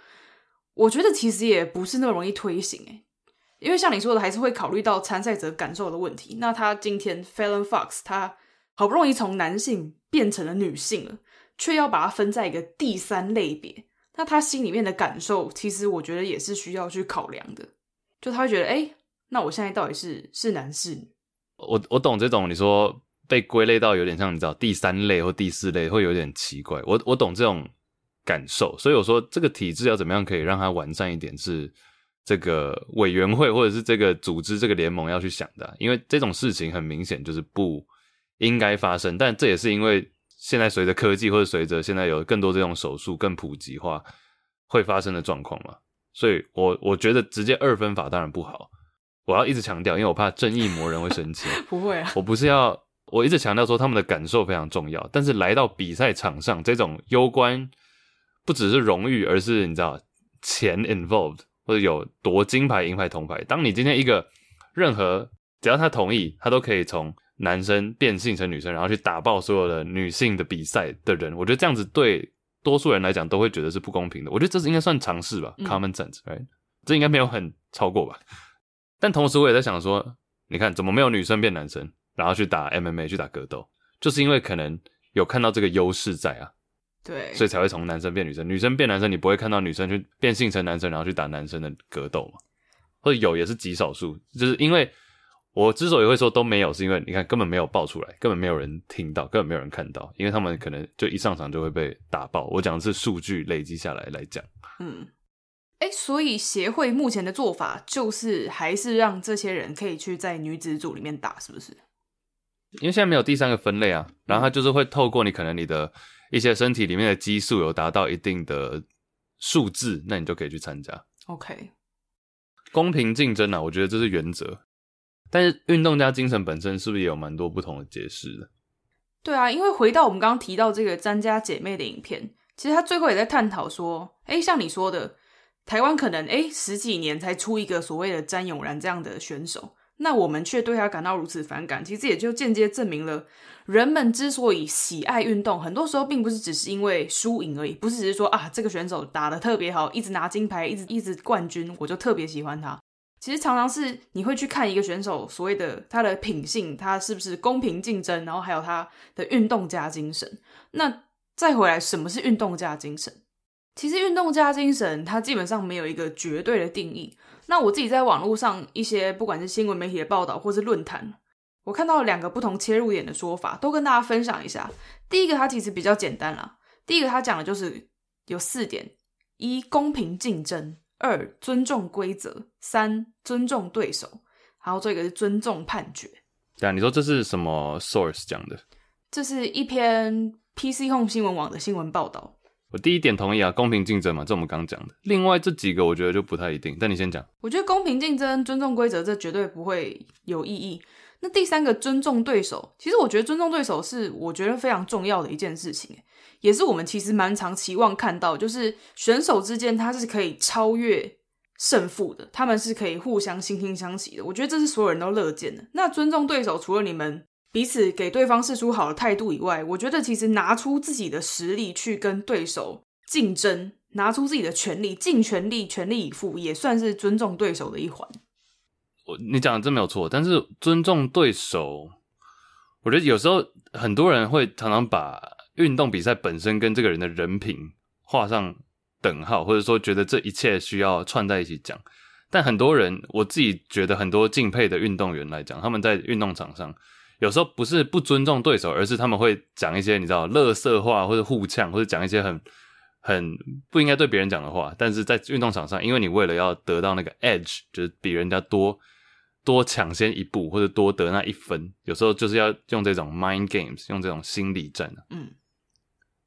我覺得其實也不是那麼容易推行誒，因為像你說的，還是會考慮到參賽者感受的問題。那他今天 Fallon Fox，他好不容易從男性變成了女性了。卻要把它分在一個第三類別，那他心裡面的感受，其實我覺得也是需要去考量的。就他會覺得，哎、欸，那我現在到底是是男是女？我我懂這種，你說被歸類到有點像你知道第三類或第四類，會有點奇怪。我我懂這種感受，所以我說這個體制要怎麼樣可以讓它完善一點，是這個委員會或者是這個組織、這個聯盟要去想的、啊。因為這種事情很明顯就是不應該發生，但這也是因為。現在隨着科技，或者隨着現在有更多這種手術更普及化，會發生的狀況嘛？所以我，我我覺得直接二分法當然不好。我要一直強調，因為我怕正義魔人會生氣。不會啊，我不是要我一直強調說他們的感受非常重要。但是來到比賽場上，這種攸關不只是榮譽，而是你知道錢 involved 或者有奪金牌、銀牌、銅牌。當你今天一個任何只要他同意，他都可以從。男生變性成女生，然後去打爆所有的女性的比賽的人，我覺得這樣子對多數人來講都會覺得是不公平的。我覺得這是應該算常識吧，嗯，Common sense，t、right？這應該沒有很超過吧。但同時我也在想說，你看怎麼沒有女生變男生，然後去打 MMA 去打格鬥，就是因為可能有看到這個優勢在啊，對，所以才會從男生變女生。女生變男生，你不會看到女生去變性成男生，然後去打男生的格鬥嘛？或者有也是極少數，就是因為。我之所以會說都沒有，是因為你看根本沒有爆出來，根本沒有人聽到，根本沒有人看到，因為他們可能就一上場就會被打爆。我講的是數據累積下來來講。嗯，誒，所以協會目前的做法就是還是讓這些人可以去在女子組裡面打，是不是？因為現在沒有第三個分類啊，然後它就是會透過你可能你的一些身體裡面的激素有達到一定的數字，那你就可以去參加。OK，公平競爭啊，我覺得這是原則。但是，運動家精神本身是不是也有蠻多不同的解釋的？對啊，因為回到我們剛剛提到這個詹家姐妹的影片，其實她最後也在探討說，哎、欸，像你說的，台灣可能哎、欸，十幾年才出一個所謂的詹詠然這樣的選手，那我們卻對他感到如此反感，其實也就間接證明了，人們之所以喜愛運動，很多時候並不是只是因為輸贏而已，不是只是說啊這個選手打得特別好，一直拿金牌，一直一直冠軍，我就特別喜歡他。其實常常是你會去看一個選手所謂的他的品性，他是不是公平競爭，然後還有他的運動家精神。那再回來，什麼是運動家精神？其實運動家精神它基本上沒有一個絕對的定義。那我自己在網絡上一些不管是新聞媒體的報道或是論壇，我看到了兩個不同切入點的說法，都跟大家分享一下。第一個它其實比較簡單啦。第一個它講的就是有四點：一公平競爭。二尊重規則，三尊重對手，然後最後一個是尊重判決。對啊，你說這是什麼 source 講的？這是一篇 PC Home 新聞網的新聞報道。我第一點同意啊，公平競爭嘛，這是我們剛講的。另外這幾個我覺得就不太一定。但你先講，我覺得公平競爭、尊重規則，這絕對不會有意義。那第三個尊重對手，其實我覺得尊重對手是我覺得非常重要的一件事情，也是我們其實蠻常期望看到，就是選手之間他是可以超越勝負的，他們是可以互相惺惺相惜的。我覺得這是所有人都樂見的。那尊重對手，除了你們彼此給對方示出好的態度以外，我覺得其實拿出自己的實力去跟對手競爭，拿出自己的全力，盡全力全力以赴，也算是尊重對手的一環。你講的真沒有錯，但是尊重對手，我覺得有時候很多人會常常把運動比賽本身跟這個人的人品畫上等號，或者說覺得這一切需要串在一起講。但很多人，我自己覺得很多敬佩的運動員來講，他們在運動場上有時候不是不尊重對手，而是他們會講一些你知道，垃圾話或者互嗆，或者講一些很很不應該對別人講的話。但是在運動場上，因為你為了要得到那個 edge，就是比人家多。多搶先一步，或者多得那一分，有時候就是要用這種 mind games，用這種心理戰。嗯，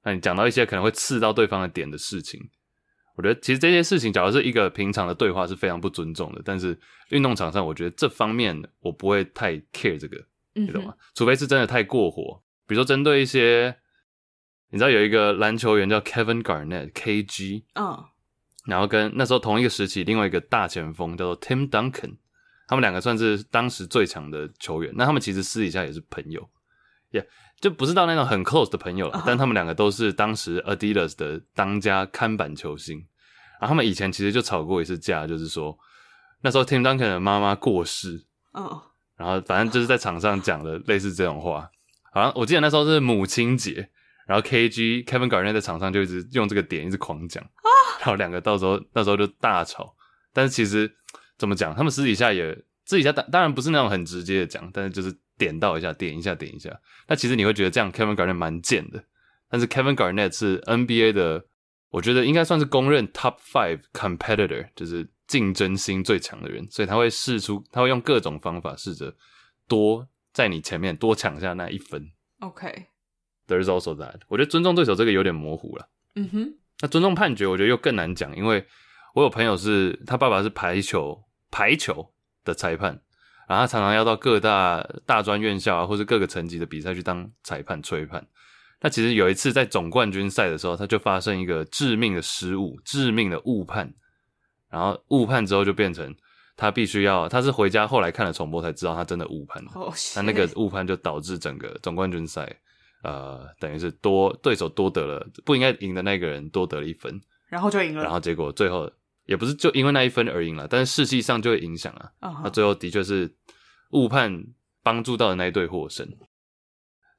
那你講到一些可能會刺到對方的點的事情，我覺得其實這些事情，假如是一個平常的對話是非常不尊重的。但是運動場上，我覺得這方面我不會太 care 這個，你懂嗎？嗯，除非是真的太過火，比如說針對一些你知道有一個籃球員叫 Kevin Garnett，KG，啊，哦，然後跟那時候同一個時期另外一個大前鋒叫做 Tim Duncan。他們兩個算是當時最強的球員，那他們其實私底下也是朋友，也、yeah, 就不是到那種很 close 的朋友了。Uh -huh. 但他們兩個都是當時 Adidas 的當家看板球星，然、啊、後他們以前其實就吵過一次架，就是說那時候 Tim Duncan 的媽媽過世，嗯、uh -oh.，然後反正就是在場上講了類似這種話。好像我記得那時候是母親節，然後 KG Kevin Garnett 在場上就一直用這個點一直狂講，然後兩個到時候那時候就大吵。但是其實怎麼講，他們私底下也。自己家當當然不是那種很直接的講，但是就是點到一下，點一下，點一下。那其實你會覺得這樣 Kevin Garnett 蠻賤的，但是 Kevin Garnett 是 NBA 的，我覺得應該算是公認 Top Five competitor, 就是競爭心最強的人，所以他會試出，他會用各種方法試着多在你前面多搶下那一分。OK, There's also that. 我覺得尊重對手這個有點模糊了。嗯哼，那尊重判決我覺得又更難講，因為我有朋友是他爸爸是排球，排球。的裁判，然後他常常要到各大大專院校啊，或者各個層級的比賽去當裁判、吹判。那其實有一次在總冠軍賽的時候，他就發生一個致命的失誤、致命的誤判。然後誤判之後就變成他必須要，他是回家後來看了重播才知道他真的誤判了。他，oh, 那個誤判就導致整個總冠軍賽，呃，等於是多，對手多得了，不應該贏的那個人多得了一分，然後就贏了。然後結果最後。也不是就因為那一分而贏了，但是士氣上就會影響、oh、啊。那最後的確是誤判幫助到的那一隊獲勝。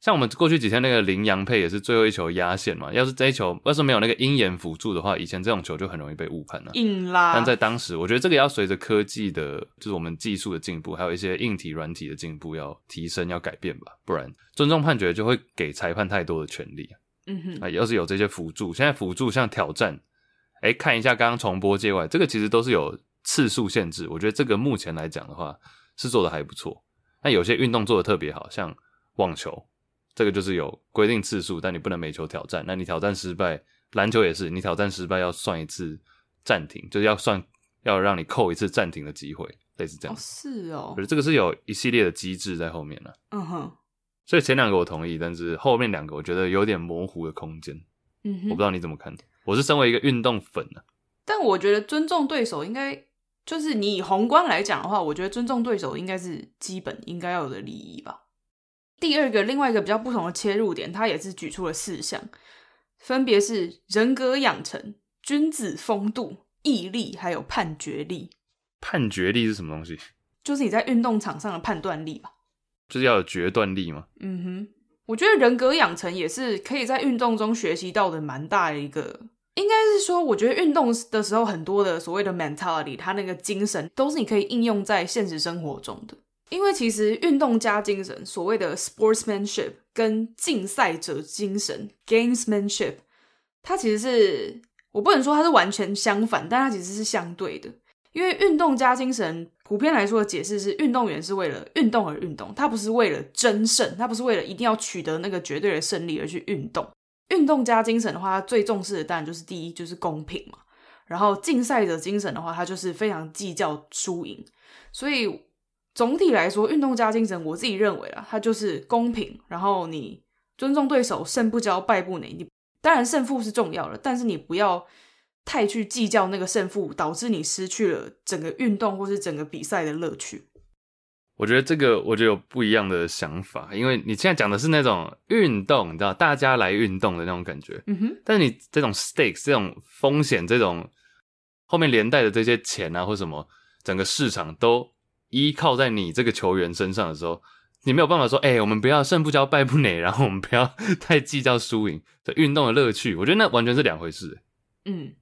像我們過去幾天那個麟洋配也是最後一球壓線嘛，要是這一球要是沒有那個鷹眼輔助的話，以前這種球就很容易被誤判了。硬拉。但在當時，我覺得這個要隨着科技的，就是我們技術的進步，還有一些硬體、軟體的進步，要提升、要改變吧。不然，尊重判決就會給裁判太多的權力。嗯哼。啊，要是有這些輔助，現在輔助像挑戰。誒，看一下剛剛重播、界外，這個其實都是有次數限制。我覺得這個目前來講的話是做的還不錯。那有些運動做得特別好，像網球，這個就是有規定次數，但你不能每球挑戰。那你挑戰失敗，籃球也是，你挑戰失敗要算一次暫停，就是要算要讓你扣一次暫停的機會，類似這樣。哦，是哦。可是這個是有一系列的機制在後面呢、啊。嗯、哦、哼。所以前兩個我同意，但是後面兩個我覺得有點模糊的空間。嗯哼。我不知道你怎麼看。我是身為一個運動粉呢、啊，但我覺得尊重對手應該就是你以宏觀來講的話，我覺得尊重對手應該是基本應該要有的利益吧。第二個，另外一個比較不同的切入點，他也是舉出了四項，分別是人格養成、君子風度、毅力，還有判決力。判決力是什麼東西？就是你在運動場上的判斷力吧，就是要有決斷力嘛。嗯哼。我覺得人格養成也是可以在運動中學習到的蠻大的一個，應該是說，我覺得運動的時候很多的所謂的 mentality，它那個精神都是你可以應用在現實生活中的。因為其實運動家精神，所謂的 sportsmanship 跟競賽者精神 gamesmanship，它其實是，我不能說它是完全相反，但它其實是相對的，因為運動家精神。普遍來說的解釋是，運動員是為了運動而運動，他不是為了爭勝，他不是為了一定要取得那個絕對的勝利而去運動。運動家精神的話，他最重視的當然就是第一就是公平嘛。然後競賽者精神的話，他就是非常計較輸贏。所以總體來說，運動家精神，我自己認為啊，他就是公平，然後你尊重對手，勝不驕，敗不餒。當然勝負是重要了，但是你不要。太去計較那個勝負，導致你失去了整個運動或是整個比賽的樂趣。我覺得這個，我覺得有不一樣的想法，因為你現在講的是那種運動，你知道，大家來運動的那種感覺、嗯。但是你這種 stakes，這種風險，這種後面連帶的這些錢啊，或什麼，整個市場都依靠在你這個球員身上的時候，你沒有辦法說，哎、欸，我們不要勝不驕敗不餒，然後我們不要 太計較輸贏的運動的樂趣。我覺得那完全是兩回事。嗯。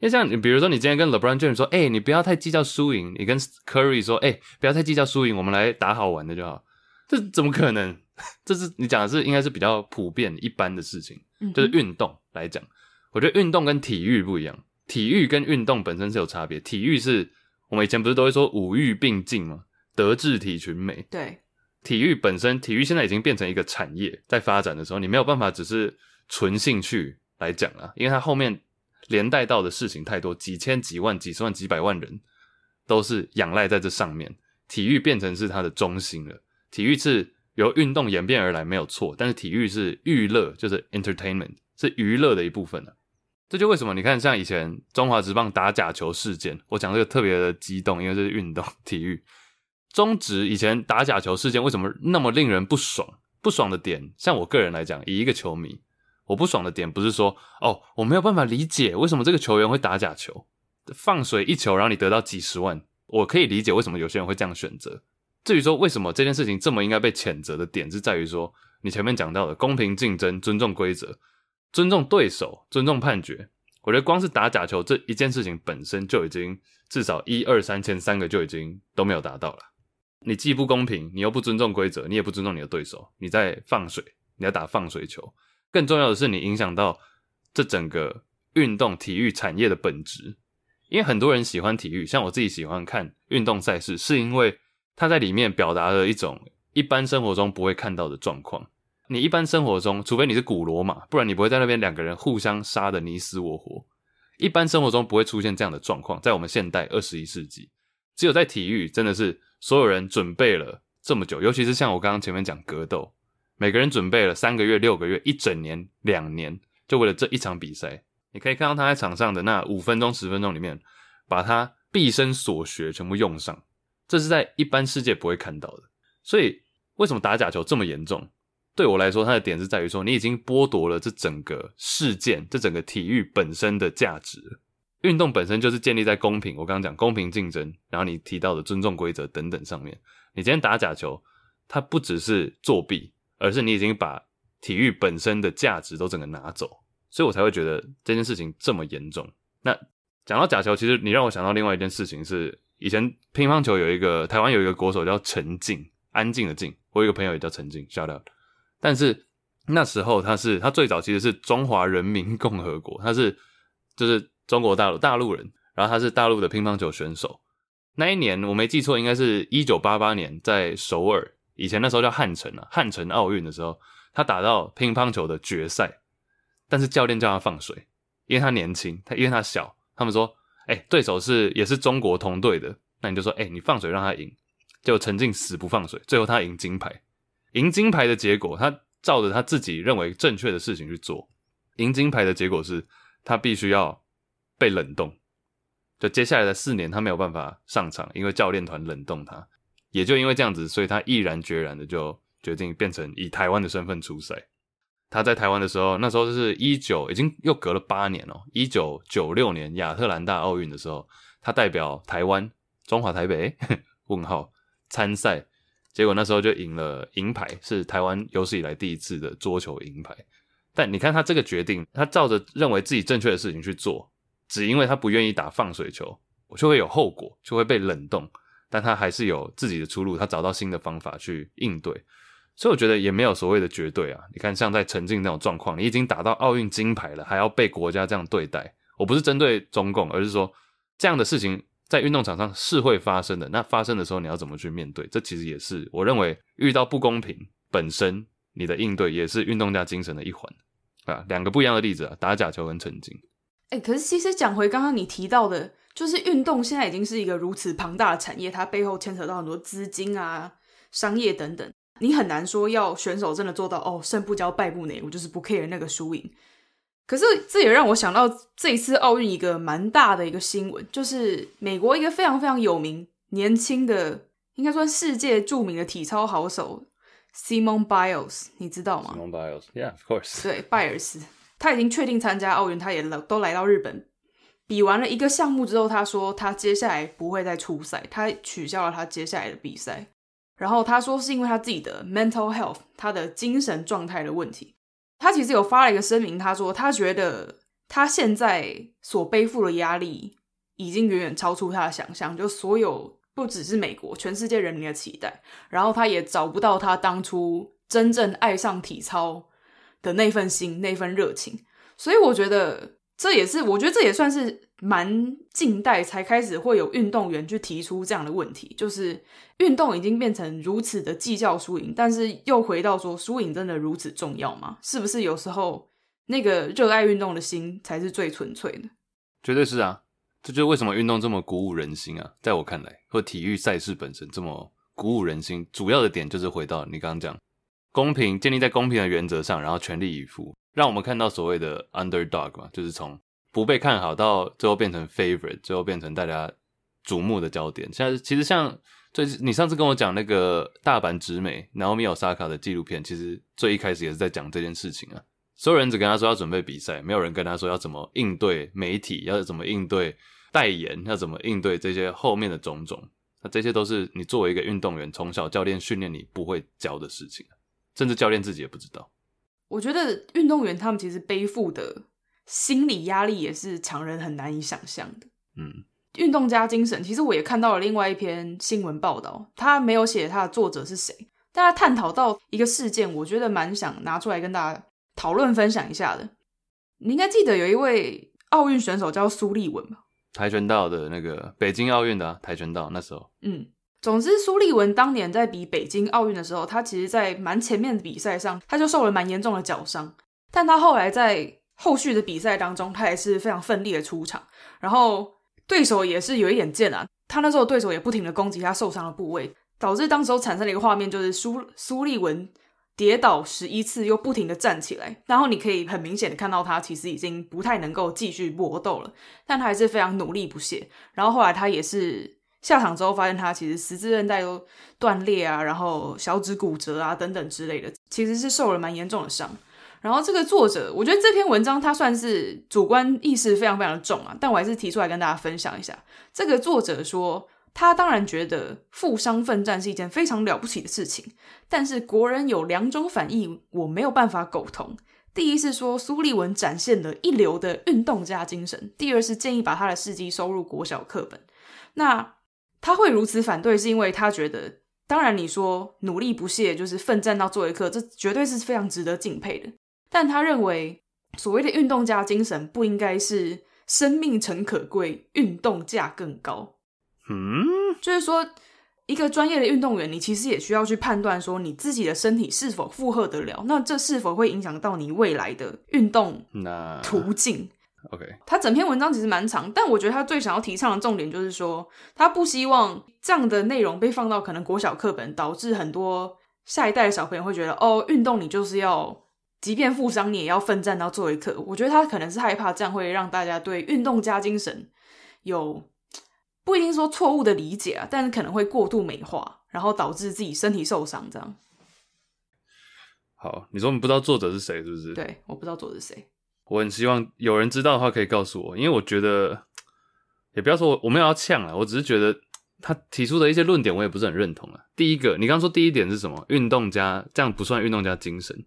因為像你，比如說你今天跟 LeBron James 說：“哎、欸，你不要太計較輸贏。”你跟 Curry 說：“哎、欸，不要太計較輸贏，我們來打好玩的就好。”這怎麼可能？這是你講的是應該是比較普遍一般的事情，就是運動來講、嗯，我覺得運動跟體育不一樣，體育跟運動本身是有差別。體育是我們以前不是都會說五育並進嗎？德智體群美。對，體育本身，體育現在已經變成一個產業，在發展的時候，你沒有辦法只是純興趣來講了、啊，因為它後面。連帶到的事情太多，幾千、幾萬、幾十萬、幾百萬人都是仰賴在這上面。體育變成是它的中心了。體育是由運動演變而來，沒有錯。但是體育是娛樂，就是 entertainment，是娛樂的一部分了啊。這就為什麼你看，像以前中華職棒打假球事件，我講這個特別的激動，因為這是運動，體育。中職以前打假球事件為什麼那麼令人不爽？不爽的點，像我個人來講，以一個球迷。我不爽的點不是說哦，我沒有辦法理解為什麼這個球員會打假球，放水一球，然後你得到幾十萬。我可以理解為什麼有些人會這樣選擇。至於說為什麼這件事情這麼應該被譴責的點，是在於說你前面講到的公平競爭、尊重規則、尊重對手、尊重判決。我覺得光是打假球這一件事情本身就已經至少一二三前三個就已經都沒有達到了。你既不公平，你又不尊重規則，你也不尊重你的對手，你在放水，你要打放水球。更重要的是，你影響到這整個運動體育產業的本質。因為很多人喜歡體育，像我自己喜歡看運動賽事，是因為它在裡面表達了一種一般生活中不會看到的狀況。你一般生活中，除非你是古羅馬，不然你不會在那邊兩個人互相殺的你死我活。一般生活中不會出現這樣的狀況，在我們現代二十一世紀，只有在體育，真的是所有人準備了這麼久，尤其是像我剛剛前面講格鬥。每個人準備了三個月、六個月、一整年、兩年，就為了這一場比賽。你可以看到他在場上的那五分鐘、十分鐘裡面，把他畢生所學全部用上，這是在一般世界不會看到的。所以，為什麼打假球這麼嚴重？對我來說，它的點是在於說，你已經剝奪了這整個事件、這整個體育本身的價值。運動本身就是建立在公平，我剛剛講公平競爭，然後你提到的尊重規則等等上面。你今天打假球，它不只是作弊。而是你已經把體育本身的價值都整個拿走，所以我才會覺得這件事情這麼嚴重。那講到假球，其實你讓我想到另外一件事情是，以前乒乓球有一個台灣有一個國手叫陳靜，安靜的靜。我有一個朋友也叫陳靜，shout out。但是那時候他是他最早其實是中華人民共和國，他是就是中國大陸大陸人，然後他是大陸的乒乓球選手。那一年我沒記錯，應該是一九八八年在首爾。以前那時候叫漢城啊，漢城奧運的時候，他打到乒乓球的決賽，但是教練叫他放水，因為他年輕，他因為他小，他們說，哎、欸，對手是也是中國同隊的，那你就說，哎、欸，你放水讓他贏，就陳靜死不放水，最後他贏金牌，贏金牌的結果，他照着他自己認為正確的事情去做，贏金牌的結果是他必須要被冷凍，就接下來的四年他沒有辦法上場，因為教練團冷凍他。也就因為這樣子，所以他毅然決然的就決定變成以台灣的身份出賽。他在台灣的時候，那時候是一九，已經又隔了八年哦，一九九六年亞特蘭大奧運的時候，他代表台灣中華台北問 號參賽，結果那時候就贏了銀牌，是台灣有史以來第一次的桌球銀牌。但你看他這個決定，他照着認為自己正確的事情去做，只因為他不願意打放水球，就會有後果，就會被冷凍。但他還是有自己的出路，他找到新的方法去應對，所以我覺得也沒有所謂的絕對啊。你看，像在陳靜那種狀況，你已經打到奧運金牌了，還要被國家這樣對待，我不是針對中共，而是說這樣的事情在運動場上是會發生的。那發生的時候，你要怎麼去面對？這其實也是我認為遇到不公平本身，你的應對也是運動家精神的一環啊。兩個不一樣的例子啊，打假球跟陳靜。哎、欸，可是其實講回剛剛你提到的。就是運動現在已經是一個如此龐大的產業，它背後牽扯到很多資金啊、商業等等，你很難說要選手真的做到哦勝不驕敗不餒，我就是不 care 那個輸贏。可是這也讓我想到這一次奧運一個蠻大的一個新聞，就是美國一個非常非常有名、年輕的，應該算世界著名的體操好手 Simone Biles，你知道嗎？Simone Biles，Yeah，of course。對，拜爾斯他已經確定參加奧運，他也都來到日本。比完了一個項目之後，他說他接下來不會再出賽，他取消了他接下來的比賽。然後他說是因為他自己的 mental health，他的精神狀態的問題。他其實有發了一個聲明，他說他覺得他現在所背負的壓力已經遠遠超出他的想象，就所有不只是美國，全世界人民的期待。然後他也找不到他當初真正愛上體操的那份心，那份熱情。所以我覺得。這也是我覺得，這也算是蠻近代才開始會有運動員去提出這樣的問題，就是運動已經變成如此的計較輸贏，但是又回到說輸贏真的如此重要嗎？是不是有時候那個熱愛運動的心才是最純粹的？絕對是啊，這就是為什麼運動這麼鼓舞人心啊。在我看來，或體育賽事本身這麼鼓舞人心，主要的點就是回到你剛剛講，公平，建立在公平的原則上，然後全力以赴。讓我們看到所謂的 underdog 嘛，就是從不被看好到最後變成 favorite，最後變成大家矚目的焦點。像其實像最你上次跟我講那個大阪直美，然後 Naomi Osaka 的紀錄片，其實最一開始也是在講這件事情啊。所有人只跟他說要準備比賽，沒有人跟他說要怎麼應對媒體，要怎麼應對代言，要怎麼應對這些後面的種種。那這些都是你作為一個運動員，從小教練訓練你不會教的事情啊，甚至教練自己也不知道。我覺得運動員他們其實背負的心理壓力也是常人很難以想象的。嗯，運動家精神，其實我也看到了另外一篇新聞報道，他沒有寫他的作者是誰，大家探討到一個事件，我覺得蠻想拿出來跟大家討論分享一下的。你應該記得有一位奧運選手叫蘇麗文吧？跆拳道的那個北京奧運的、啊、跆拳道那時候，嗯。總之，蘇麗文當年在比北京奧運的時候，他其實，在蠻前面的比賽上，他就受了蠻嚴重的腳傷。但他後來在後續的比賽當中，他也是非常奮力的出場。然後對手也是有一點賤啊，他那時候對手也不停的攻擊他受傷的部位，導致當時候產生了一個畫面，就是蘇蘇麗文跌倒十一次，又不停的站起來。然後你可以很明顯的看到他其實已經不太能夠繼續搏鬥了，但他還是非常努力不懈。然後後來他也是。下場之後，發現他其實十字韌帶都斷裂啊，然後小指骨折啊等等之類的，其實是受了蠻嚴重的傷。然後這個作者，我覺得這篇文章他算是主觀意識非常非常的重啊，但我還是提出來跟大家分享一下。這個作者說，他當然覺得負傷奮戰是一件非常了不起的事情，但是國人有兩種反應，我沒有辦法苟同。第一是說蘇立文展現了一流的運動家精神，第二是建議把他的事跡收入國小課本。那他會如此反對，是因為他覺得，當然你說努力不懈就是奮戰到最後一刻，這絕對是非常值得敬佩的。但他認為，所謂的運動家精神不應該是生命誠可貴，運動價更高。嗯，就是說，一個專業的運動員，你其實也需要去判斷說，你自己的身體是否負荷得了，那這是否會影響到你未來的運動途徑。OK，他整篇文章其實蠻長，但我覺得他最想要提倡的重點就是說，他不希望這樣的內容被放到可能國小課本，導致很多下一代的小朋友會覺得，哦，運動你就是要，即便負傷你也要奮戰到最後一刻。我覺得他可能是害怕這樣會讓大家對運動家精神有不一定說錯誤的理解啊，但可能會過度美化，然後導致自己身體受傷這樣。好，你說你不知道作者是誰是不是？對，我不知道作者是誰。我很希望有人知道的話可以告訴我，因為我覺得也不要說我，我沒有要嗆啊，我只是覺得他提出的一些論點我也不是很認同啊。第一個，你剛剛說第一點是什麼？運動家這樣不算運動家精神，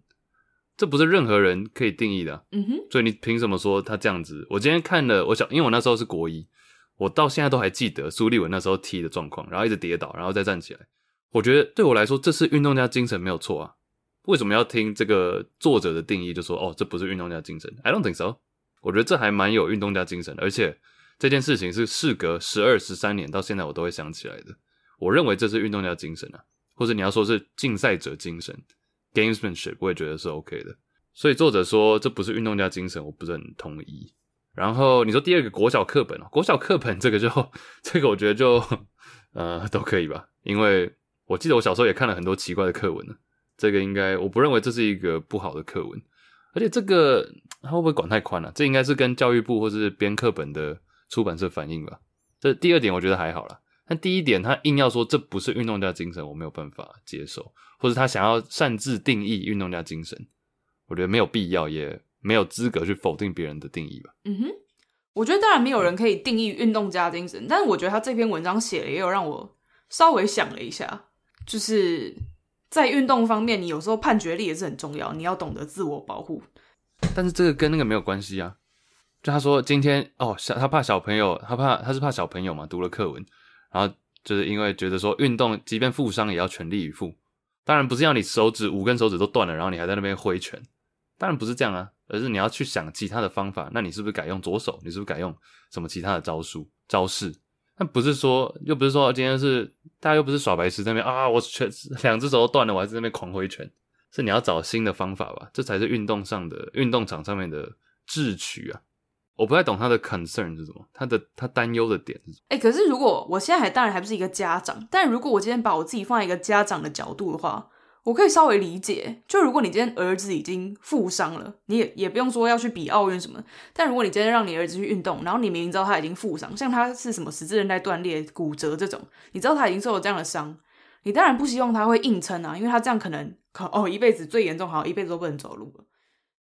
這不是任何人可以定義的啊。嗯哼，所以你憑什麼說他這樣子？我今天看了，我想，因為我那時候是國一，我到現在都還記得蘇麗文那時候踢的狀況，然後一直跌倒，然後再站起來。我覺得對我來說，這是運動家精神沒有錯啊。為什麼要聽這個作者的定義？就說哦，這不是運動家精神。I don't think so。我覺得這還蠻有運動家精神的，而且這件事情是事隔十二、十三年到現在，我都會想起來的。我認為這是運動家精神啊，或者你要說是競賽者精神 （gamesmanship），我也覺得是 OK 的。所以作者說這不是運動家精神，我不是很同意。然後你說第二個國小課本哦，國小課本這個就這個，我覺得就呃都可以吧，因為我記得我小時候也看了很多奇怪的課文呢。這個應該，我不認為這是一個不好的課文，而且這個他會不會管太寬了啊？這應該是跟教育部或是編課本的出版社反映吧。這第二點我覺得還好啦，但第一點他硬要說這不是運動家精神，我沒有辦法接受，或者他想要擅自定義運動家精神，我覺得沒有必要，也沒有資格去否定別人的定義吧。嗯哼，我覺得當然沒有人可以定義運動家精神，但是我覺得他這篇文章寫了也有讓我稍微想了一下，就是。在運動方面，你有時候判決力也是很重要，你要懂得自我保護。但是這個跟那個沒有關係啊。就他說今天哦，小他怕小朋友，他怕他是怕小朋友嘛？讀了課文，然後就是因為覺得說運動，即便負傷也要全力以赴。當然不是要你手指五根手指都斷了，然後你還在那邊揮拳。當然不是這樣啊，而是你要去想其他的方法。那你是不是改用左手？你是不是改用什麼其他的招數招式？那不是說，又不是說今天是大家又不是耍白痴在那邊啊！我全兩隻手都斷了，我還是在那邊狂揮拳。是你要找新的方法吧？這才是運動上的，運動場上面的智取啊！我不太懂他的 concern 是什麼，他的他擔憂的點是什麼。哎，欸，可是如果我現在還當然還不是一個家長，但如果我今天把我自己放在一個家長的角度的話，我可以稍微理解，就如果你今天兒子已經負傷了，你也也不用說要去比奧運什麼。但如果你今天讓你兒子去運動，然後你明明知道他已經負傷，像他是什麼十字韌帶斷裂、骨折這種，你知道他已經受了這樣的傷，你當然不希望他會硬撐啊，因為他這樣可能可哦一輩子最嚴重，好像一輩子都不能走路了。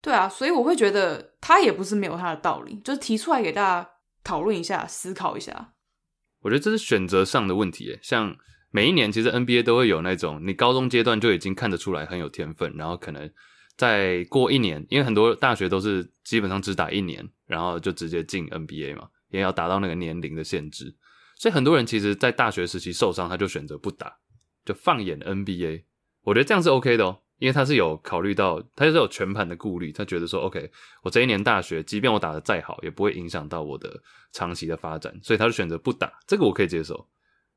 對啊，所以我會覺得他也不是沒有他的道理，就是提出來給大家討論一下、思考一下。我覺得這是選擇上的問題耶，像。每一年其實 NBA 都會有那種，你高中階段就已經看得出來很有天分，然後可能再過一年，因為很多大學都是基本上只打一年，然後就直接進 NBA 嘛，因為要達到那個年齡的限制，所以很多人其實，在大學時期受傷，他就選擇不打，就放眼 NBA，我覺得這樣是 OK 的哦，因為他是有考慮到，他就是有全盤的顧慮，他覺得說，OK，我這一年大學，即便我打得再好，也不會影響到我的長期的發展，所以他就選擇不打，這個我可以接受，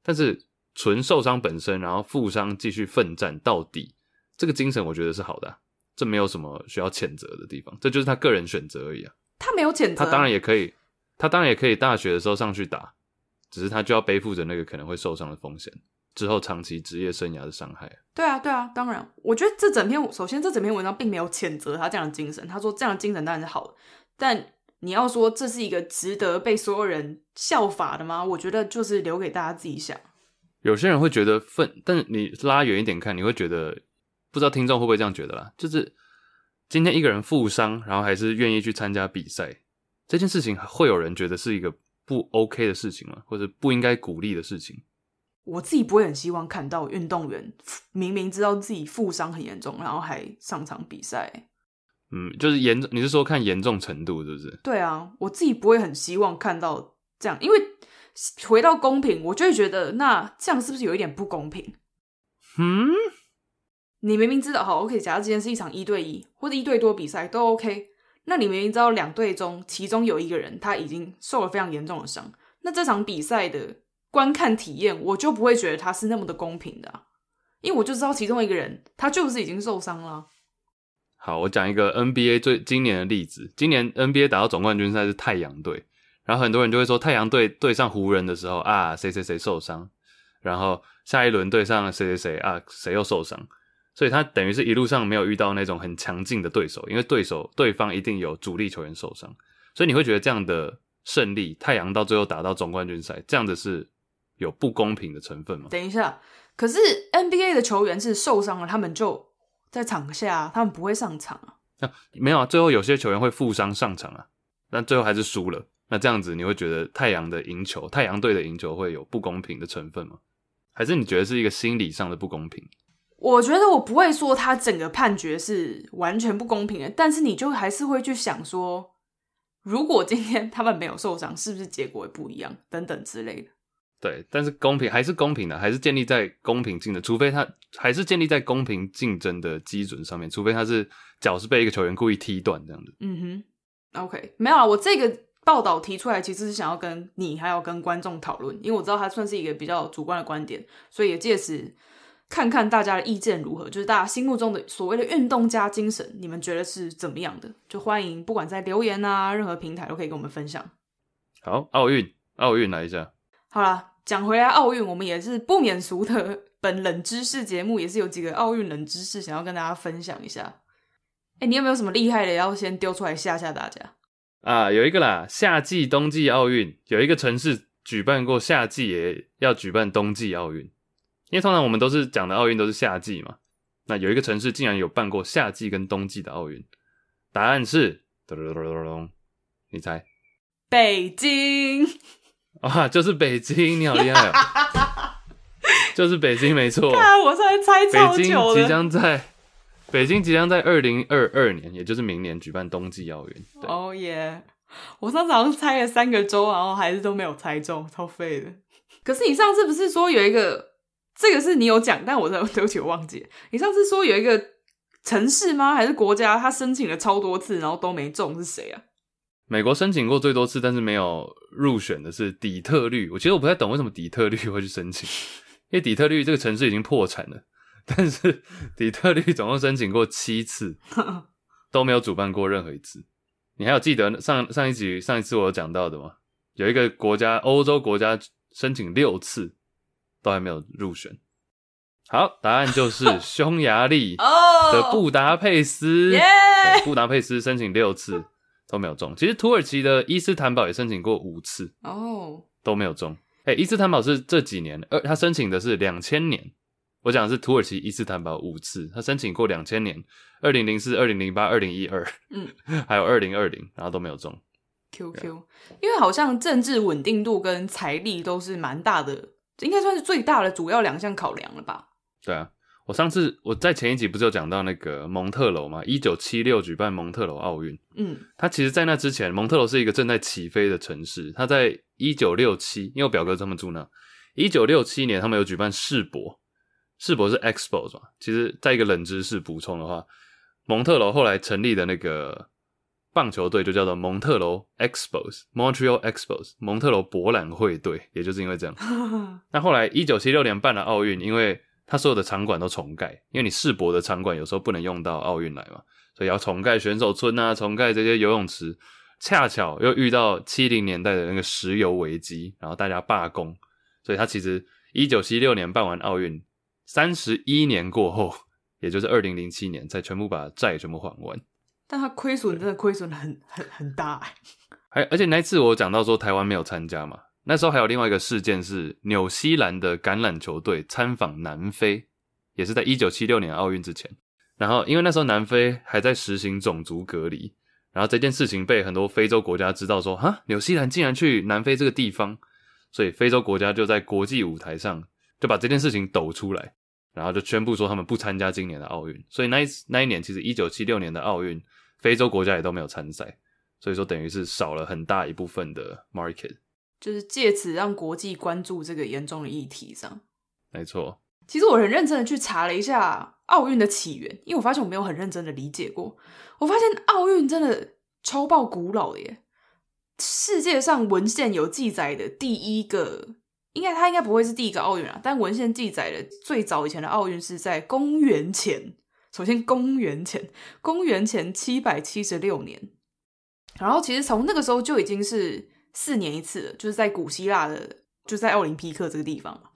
但是。純受傷本身，然後負傷繼續奮戰到底，這個精神我覺得是好的啊，這沒有什麼需要譴責的地方，這就是他個人選擇而已啊。他沒有譴責啊，他當然也可以，他當然也可以大學的時候上去打，只是他就要背負着那個可能會受傷的風險，之後長期職業生涯的傷害。對啊，對啊，當然，我覺得這整篇，首先這整篇文章並沒有譴責他這樣的精神，他說這樣的精神當然是好的，但你要說這是一個值得被所有人效法的嗎？我覺得就是留給大家自己想。有些人會覺得憤，但是你拉遠一點看，你會覺得不知道聽眾會不會這樣覺得啦。就是今天一個人負傷，然後還是願意去參加比賽這件事情，會有人覺得是一個不 OK 的事情嗎？或者不應該鼓勵的事情？我自己不會很希望看到運動員明明知道自己負傷很嚴重，然後還上場比賽。嗯，就是嚴重，你是說看嚴重程度是不是？對啊，我自己不會很希望看到這樣，因為。回到公平，我就會覺得那這樣是不是有一點不公平？嗯，你明明知道，好，我可以、OK，假設今天是一場一對一或者一對多比賽都 OK，那你明明知道兩隊中其中有一個人他已經受了非常嚴重的傷，那這場比賽的觀看體驗我就不會覺得他是那麼的公平的、啊，因為我就知道其中一個人他就是已經受傷了、啊。好，我講一個 NBA 最今年的例子，今年 NBA 打到總冠軍賽是太陽隊。然後很多人就會說，太陽隊對上湖人的時候啊，誰誰誰受傷，然後下一輪對上誰誰誰啊，誰又受傷，所以他等於是一路上沒有遇到那種很強勁的對手，因為對手對方一定有主力球員受傷，所以你會覺得這樣的勝利，太陽到最後打到總冠軍賽，這樣子是有不公平的成分嗎？等一下，可是 NBA 的球員是受傷了，他們就在場下，他們不會上場啊。沒有啊，最後有些球員會負傷上場啊，但最後還是輸了。那這樣子，你會覺得太陽的贏球，太陽隊的贏球會有不公平的成分嗎？還是你覺得是一個心理上的不公平？我覺得我不會說他整個判決是完全不公平的，但是你就還是會去想說，如果今天他們沒有受傷，是不是結果會不一樣？等等之類的。對，但是公平還是公平的，還是建立在公平競爭，除非他還是建立在公平競爭的基準上面，除非他是腳是被一個球員故意踢斷這樣子。嗯哼，OK，沒有啊，我這個。報道提出來其實是想要跟你還有跟觀眾討論，因為我知道它算是一個比較主觀的觀點，所以也借此看看大家的意見如何，就是大家心目中的所謂的運動家精神，你們覺得是怎麼樣的？就歡迎不管在留言啊，任何平台都可以跟我們分享。好，奧運，奧運來一下。好啦，講回來奧運，我們也是不免俗的本冷知識節目，也是有幾個奧運冷知識想要跟大家分享一下。哎、欸，你有沒有什麼厲害的要先丟出來嚇嚇大家？啊，有一個啦，夏季、冬季奧運，有一個城市舉辦過夏季，也要舉辦冬季奧運。因為通常我們都是講的奧運都是夏季嘛，那有一個城市竟然有辦過夏季跟冬季的奧運，答案是噔噔噔噔噔噔，你猜？北京啊，就是北京，你好厲害啊、哦！ 就是北京，沒錯。看啊，我在猜超久了。北京即將在二零二二年，也就是明年舉辦冬季奧運。對。哦耶！Oh, yeah. 我上次好像猜了三個州，然後還是都沒有猜中，超廢的。可是你上次不是說有一個，這個是你有講，但我對不起，我忘記了。你上次說有一個城市嗎？還是國家？他申請了超多次，然後都沒中，是誰啊？美國申請過最多次，但是沒有入選的是底特律。我其實我不太懂為什麼底特律會去申請，因為底特律這個城市已經破產了。但是底特律總共申請過七次，都沒有主辦過任何一次。你還有記得上上一集上一次我有講到的嗎？有一個國家，歐洲國家申請六次，都還沒有入選。好，答案就是匈牙利的布達佩斯。 oh, yeah. 布達佩斯申請六次，都沒有中。其實土耳其的伊斯坦堡也申請過五次哦，oh. 都沒有中。哎、hey,，伊斯坦堡是這幾年，呃，他申請的是兩千年。我講的是土耳其伊斯坦堡五次，他申請過兩千年、二零零四、二零零八、二零一二，嗯， 還有二零二零，然後都沒有中。Q Q，因為好像政治穩定度跟財力都是蠻大的，應該算是最大的主要兩項考量了吧？對啊，我上次我在前一集不是有講到那個蒙特樓嘛？一九七六舉辦蒙特樓奧運，嗯，他其實在那之前，蒙特樓是一個正在起飛的城市。他在一九六七，因為我表哥他們住那，一九六七年他們有舉辦世博。世博是 Expos 嘛？其實，在一個冷知識補充的話，蒙特婁後來成立的那個棒球隊就叫做蒙特婁 Expos，Montreal Expos，蒙特婁博覽會隊，也就是因為這樣。那 後來一九七六年辦了奧運，因為他所有的場館都重蓋，因為你世博的場館有時候不能用到奧運來嘛，所以要重蓋選手村啊，重蓋這些游泳池。恰巧又遇到七零年代的那個石油危機，然後大家罷工，所以他其實一九七六年辦完奧運。三十一年過後，也就是二零零七年，才全部把債全部還完。但他虧損真的虧損的很很很大哎、欸。還而且那一次我講到說台灣沒有參加嘛，那時候還有另外一個事件是紐西蘭的橄欖球隊參訪南非，也是在一九七六年奧運之前。然後因為那時候南非還在實行種族隔離，然後這件事情被很多非洲國家知道說，說哈，紐西蘭竟然去南非這個地方，所以非洲國家就在國際舞台上。就把這件事情抖出來，然後就宣布說他們不參加今年的奧運。所以那一那一年，其實一九七六年的奧運，非洲國家也都沒有參賽，所以說等於是少了很大一部分的 market，就是借此讓國際關注這個嚴重的議題上。沒錯，其實我很認真的去查了一下奧運的起源，因為我發現我沒有很認真的理解過。我發現奧運真的超爆古老的耶，世界上文獻有記載的第一個。應該他應該不會是第一個奧運啦，但文獻記載的最早以前的奧運是在公元前，首先公元前公元前七百七十六年，然後其實從那個時候就已經是四年一次了，就是在古希臘的，就在奧林匹克這個地方嘛，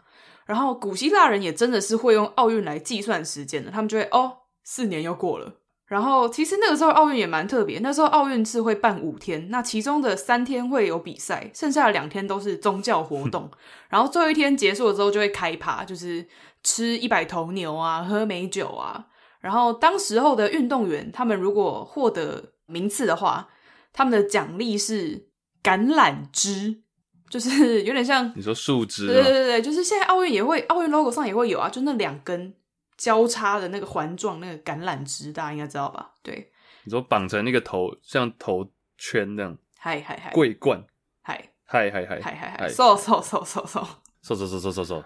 然後古希臘人也真的是會用奧運來計算時間的，他們就會哦，四年又過了。然後，其實那個時候奧運也蠻特別。那時候奧運是會辦五天，那其中的三天會有比賽，剩下的兩天都是宗教活動。 然後最後一天結束了之後，就會開趴，就是吃一百頭牛啊，喝美酒啊。然後當時候的運動員，他們如果獲得名次的話，他們的獎勵是橄欖枝，就是有點像，你說樹枝哦。對對對對，就是現在奧運也會，奧運 logo 上也會有啊，就那兩根。交叉的那個環狀那個橄欖枝，大家應該知道吧？對，你說綁成那個頭，像頭圈那樣，嗨嗨嗨，桂冠，嗨嗨嗨嗨嗨嗨，嗨瘦瘦瘦瘦瘦瘦瘦瘦瘦瘦瘦，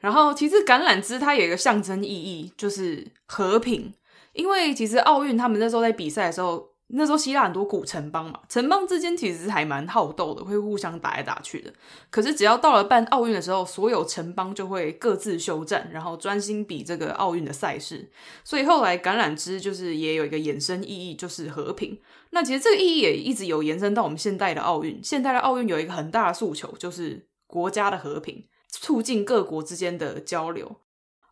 然後其實橄欖枝它有一個象徵意義，就是和平，因為其實奧運他們那時候在比賽的時候，那時候，希臘很多古城邦嘛，城邦之間其實還蠻好鬥的，會互相打來打去的。可是，只要到了辦奧運的時候，所有城邦就會各自休戰，然後專心比這個奧運的賽事。所以，後來橄欖枝就是也有一個衍生意義，就是和平。那其實這個意義也一直有延伸到我們現代的奧運。現代的奧運有一個很大的訴求，就是國家的和平，促進各國之間的交流。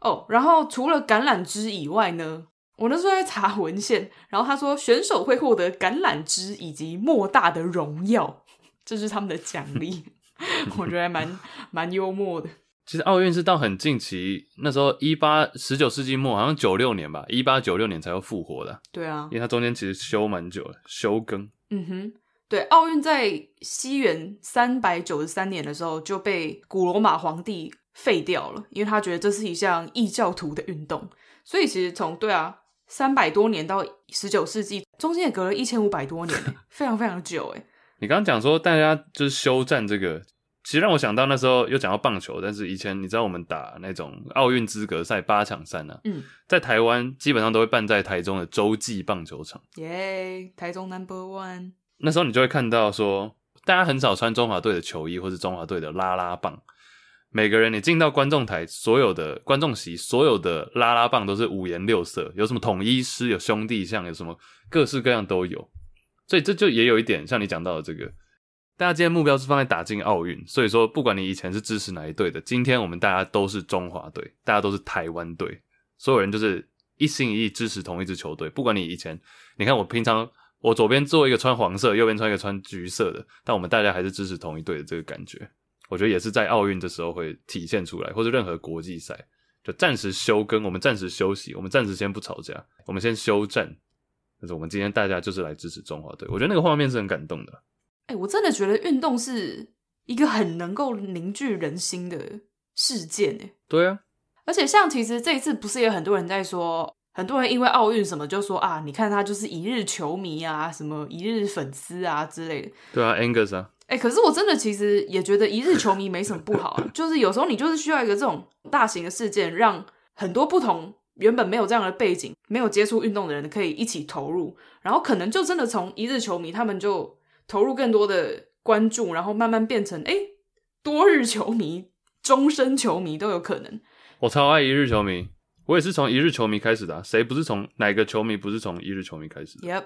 哦，然後除了橄欖枝以外呢，我那時候在查文獻，然後他說選手會獲得橄欖枝以及莫大的榮耀，這是他們的獎勵。 我覺得還蠻蠻幽默的。其實奧運是到很近期，那時候一八十九世紀末，好像九六年吧，一八九六年才又復活的。對啊，因為它中間其實休蠻久的，休更。嗯哼，對，奧運在西元三百九十三年的時候就被古羅馬皇帝廢掉了，因為他覺得這是一項異教徒的運動，所以其實從，對啊。三百多年到十九世紀，中間也隔了一千五百多年，非常非常久哎。 你剛剛講說大家就是休戰這個，其實讓我想到那時候又講到棒球，但是以前你知道我們打那種奧運資格賽八強賽呢，嗯，在台灣基本上都會辦在台中的洲際棒球場，耶、yeah，台中 number one。那時候你就會看到說，大家很少穿中華隊的球衣或是中華隊的拉拉棒。每個人，你進到觀眾台，所有的觀眾席，所有的拉拉棒都是五顏六色，有什麼統一師，有兄弟像，有什麼各式各樣都有。所以這就也有一點像你講到的這個，大家今天目標是放在打進奧運，所以說不管你以前是支持哪一隊的，今天我們大家都是中華隊，大家都是台灣隊，所有人就是一心一意支持同一支球隊。不管你以前，你看我平常我左邊做一個穿黃色，右邊穿一個穿橘色的，但我們大家還是支持同一隊的這個感覺。我覺得也是在奧運的時候會體現出來，或者任何國際賽，就暫時休更，我們暫時休息，我們暫時先不吵架，我們先休戰。但是我們今天大家就是來支持中華隊，我覺得那個畫面是很感動的。哎、欸，我真的覺得運動是一個很能夠凝聚人心的事件，耶。對啊，而且像其實這一次不是也有很多人在說，很多人因為奧運什麼就說啊，你看他就是一日球迷啊，什麼一日粉絲啊之類的。對啊，Angus 啊。哎、欸，可是我真的其實也覺得一日球迷沒什麼不好， 就是有時候你就是需要一個這種大型的事件，讓很多不同原本沒有這樣的背景，沒有接觸運動的人可以一起投入，然後可能就真的從一日球迷，他們就投入更多的關注，然後慢慢變成哎、欸、多日球迷、終身球迷都有可能。我超愛一日球迷，我也是從一、啊、一日球迷開始的。誰不是從哪個球迷不是從一日球迷開始？Yep。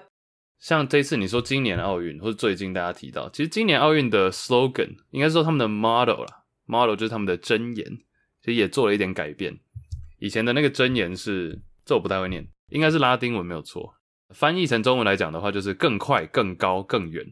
像這次你說今年奧運，或者最近大家提到，其實今年奧運的 slogan，應該說他們的 model 啦，model 就是他們的箴言，其實也做了一點改變。以前的那個箴言是，這我不太會念，應該是拉丁文沒有錯，翻譯成中文來講的話就是更快、更高、更遠。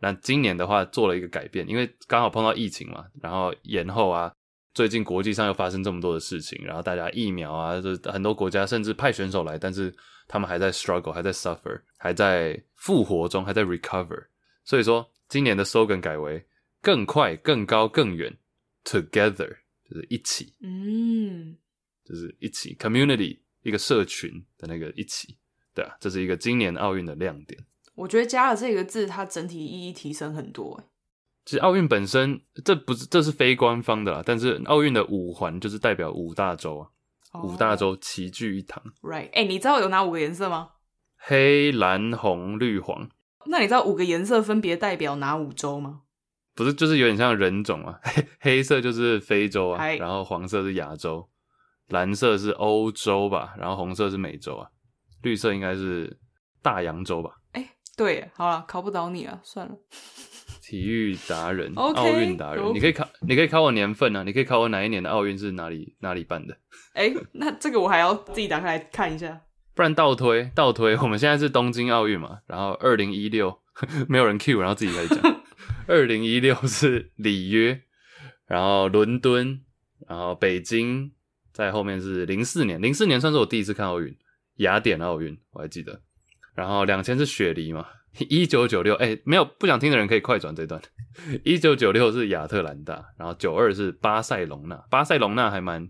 那今年的話做了一個改變，因為剛好碰到疫情嘛，然後延後啊。最近國際上又發生這麼多的事情，然後大家疫苗啊，就很多國家甚至派選手來，但是他們還在 struggle，還在 suffer，還在復活中，還在 recover。所以說，今年的 slogan 改為更快、更高、更遠，together 就是一起，嗯，就是一起 community 一個社群的那個一起，對啊。這是一個今年奧運的亮點。我覺得加了這個字，它整體意義提升很多。其實奧運本身，這不是，這是非官方的啦。但是奧運的五環就是代表五大洲啊，oh. 五大洲齊聚一堂。Right？哎、欸，你知道有哪五個顏色嗎？黑、藍、紅、綠、黃。那你知道五個顏色分別代表哪五洲嗎？不是，就是有點像人種啊。黑色就是非洲啊，Hi. 然後黃色是亞洲，藍色是歐洲吧，然後紅色是美洲啊，綠色應該是大洋洲吧。哎、欸，對，好啦，考不倒你啊，算了。 體育達人，奧運達人，okay. 你可以考，你可以考我年份啊，你可以考我哪一年的奧運是哪裡哪裡辦的？哎、欸，那這個我還要自己打開來看一下， 不然倒推倒推，我們現在是東京奧運嘛，然後二零一六沒有人 cue，然後自己來講，二零一六是里約，然後倫敦，然後北京，在後面是零四年，零四年算是我第一次看奧運，雅典奧運我還記得，然後兩千是雪梨嘛。一九九六，哎，沒有不想聽的人可以快轉這段。一九九六是亞特蘭大，然後九二是巴塞隆納。巴塞隆納還蠻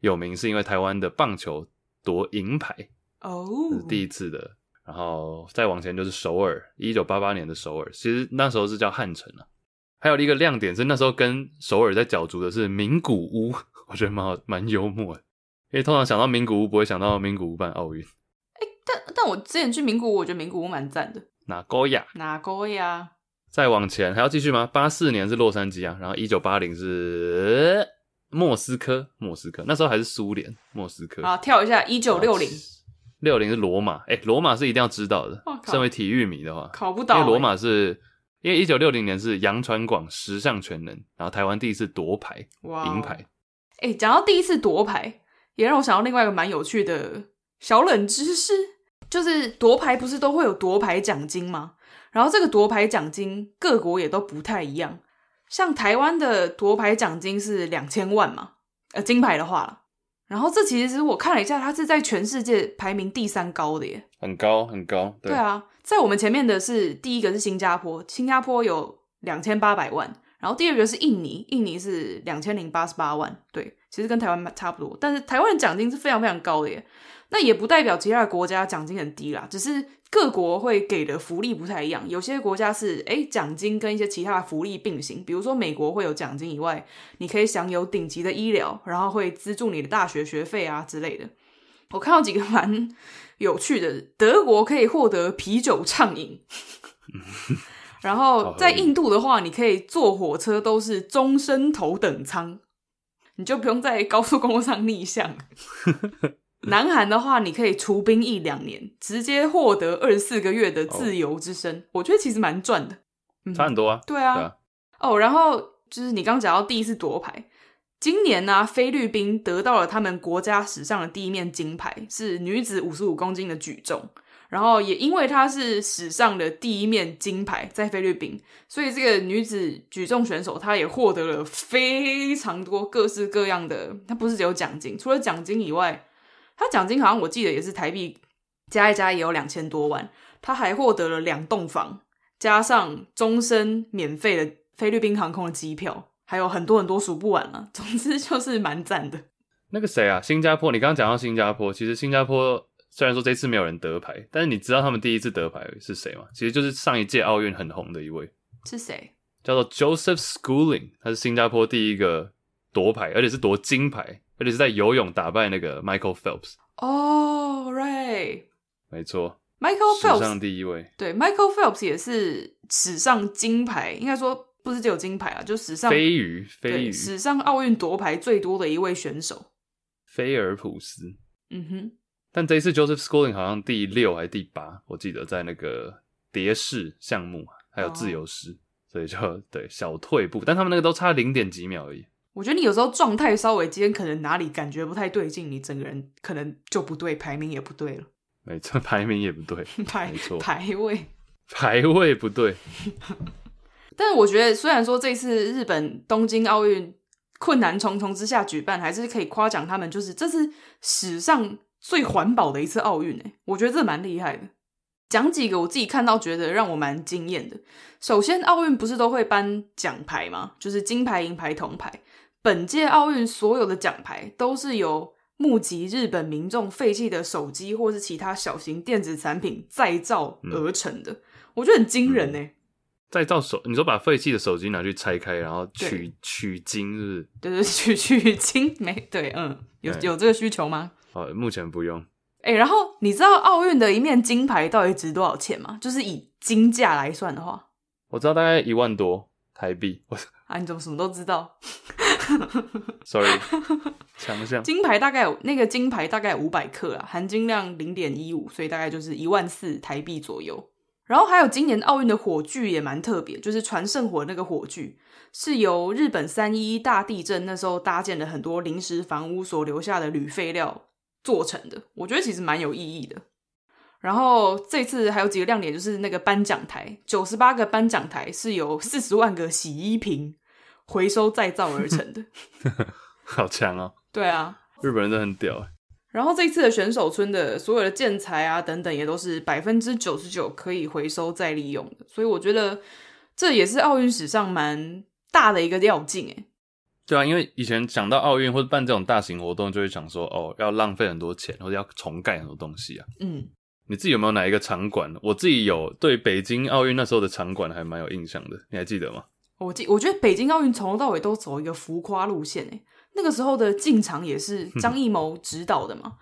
有名，是因為台灣的棒球奪銀牌，哦、oh.，是第一次的。然後再往前就是首爾，一九八八年的首爾，其實那時候是叫漢城啊。還有一個亮點是那時候跟首爾在角逐的是名古屋，我覺得蠻好，蠻幽默的。因為通常想到名古屋不會想到名古屋辦奧運。哎、欸，但但我之前去名古屋，我覺得名古屋蠻讚的。哪國呀？哪國呀？再往前還要繼續嗎？八四年是洛杉磯啊，然後一九八零是莫斯科，莫斯科那時候還是蘇聯。莫斯科好、啊，跳一下一九六零，六零是羅馬，哎、欸，羅馬是一定要知道的。身為體育迷的話，考不到、欸。因為羅馬是因為一九六零年是楊傳廣十項全能，然後台灣第一次奪牌，哇，銀牌。哎、欸，講到第一次奪牌，也讓我想到另外一個蠻有趣的小冷知識。就是奪牌不是都會有奪牌獎金嗎？然後這個奪牌獎金各國也都不太一樣，像台灣的奪牌獎金是兩千萬嘛，呃，金牌的話。然後這其實我看了一下，它是在全世界排名第三高的耶，很高很高對。對啊，在我們前面的是第一個是新加坡，新加坡有兩千八百萬，然後第二個是印尼，印尼是兩千零八十八萬，對，其實跟台灣差不多，但是台灣的獎金是非常非常高的耶。那也不代表其他的國家獎金很低啦，只是各國會給的福利不太一樣。有些國家是誒，獎金跟一些其他的福利並行，比如說美國會有獎金以外，你可以享有頂級的醫療，然後會資助你的大學學費啊之類的。我看到幾個蠻有趣的，德國可以獲得啤酒暢飲， 然後在印度的話，你可以坐火車都是終身頭等艙，你就不用在高速公路上逆向。 南韓的話，你可以除兵一兩年，直接獲得二十四個月的自由之身。Oh. 我覺得其實蠻賺的，差很多啊。嗯、對啊，哦、yeah. oh，然後就是你剛講到第一次奪牌，今年呢、啊，菲律賓得到了他們國家史上的第一面金牌，是女子五十五公斤的舉重。然後也因為她是史上的第一面金牌在菲律賓，所以這個女子舉重選手她也獲得了非常多各式各樣的，她不是只有獎金，除了獎金以外。他獎金好像我記得也是台幣加一加也有兩千多萬，他還獲得了兩棟房，加上終身免費的菲律賓航空的機票，還有很多很多數不完了。總之就是蠻讚的。那個誰啊，新加坡，你剛剛講到新加坡，其實新加坡雖然說這次沒有人得牌，但是你知道他們第一次得牌是誰嗎？其實就是上一屆奧運很紅的一位，是誰？叫做 Joseph Schooling，他是新加坡第一個奪牌，而且是奪金牌。而且是在游泳打敗那個 Michael Phelps 哦 Right 沒錯，Michael Phelps 史上第一位，對，Michael Phelps 也是史上金牌，應該說不是只有金牌啊，就史上飛魚，飛魚，史上奧運奪牌最多的一位選手，菲爾普斯，嗯哼，但這一次 Joseph Schooling 好像第六還是第八，我記得在那個蝶式項目還有自由式，oh. 所以就對小退步，但他們那個都差零點幾秒而已。我覺得你有時候狀態稍微，今天可能哪裡感覺不太對勁，你整個人可能就不對，排名也不對了。沒錯，排名也不對，排排位排位不對。 但是我覺得，雖然說這次日本東京奧運困難重重之下舉辦，還是可以誇獎他們，就是這是史上最環保的一次奧運欸。誒，我覺得這蠻厲害的。講幾個我自己看到覺得讓我蠻驚艷的。首先，奧運不是都會頒獎牌嗎？就是金牌、銀牌、銅牌。本屆奧運所有的獎牌都是由募集日本民眾廢棄的手機或是其他小型電子產品再造而成的，嗯、我覺得很驚人呢、欸。再造手，你說把廢棄的手機拿去拆開，然後取取金是對，對對，取取金沒對，嗯，有有這個需求嗎？哦、呃，目前不用。哎、欸，然後你知道奧運的一面金牌到底值多少錢嗎？就是以金價來算的話，我知道大概一萬多台幣。啊，你怎麼什麼都知道？Sorry， 金牌大概有那個金牌大概五百克啊，含金量零點一五，所以大概就是一萬四台幣左右。然後還有今年奧運的火炬也蠻特別，就是傳聖火那個火炬是由日本三一一大地震那時候搭建的很多臨時房屋所留下的鋁廢料做成的，我覺得其實蠻有意義的。然後這次還有幾個亮點，就是那個頒獎台，九十八個頒獎台是由四十萬個洗衣瓶。回收再造而成的， 好強哦！對啊，日本人真的很屌哎。然後這一次的選手村的所有的建材啊等等，也都是百分之九十九可以回收再利用的。所以我覺得這也是奧運史上蠻大的一個躍進哎。對啊，因為以前想到奧運或者辦這種大型活動，就會想說哦，要浪費很多錢，或者要重蓋很多東西啊。嗯，你自己有沒有哪一個場館？我自己有，對，北京奧運那時候的場館還蠻有印象的，你還記得嗎？我記，我覺得北京奧運從頭到尾都走一個浮誇路線哎，那個時候的進場也是張藝謀指導的嘛，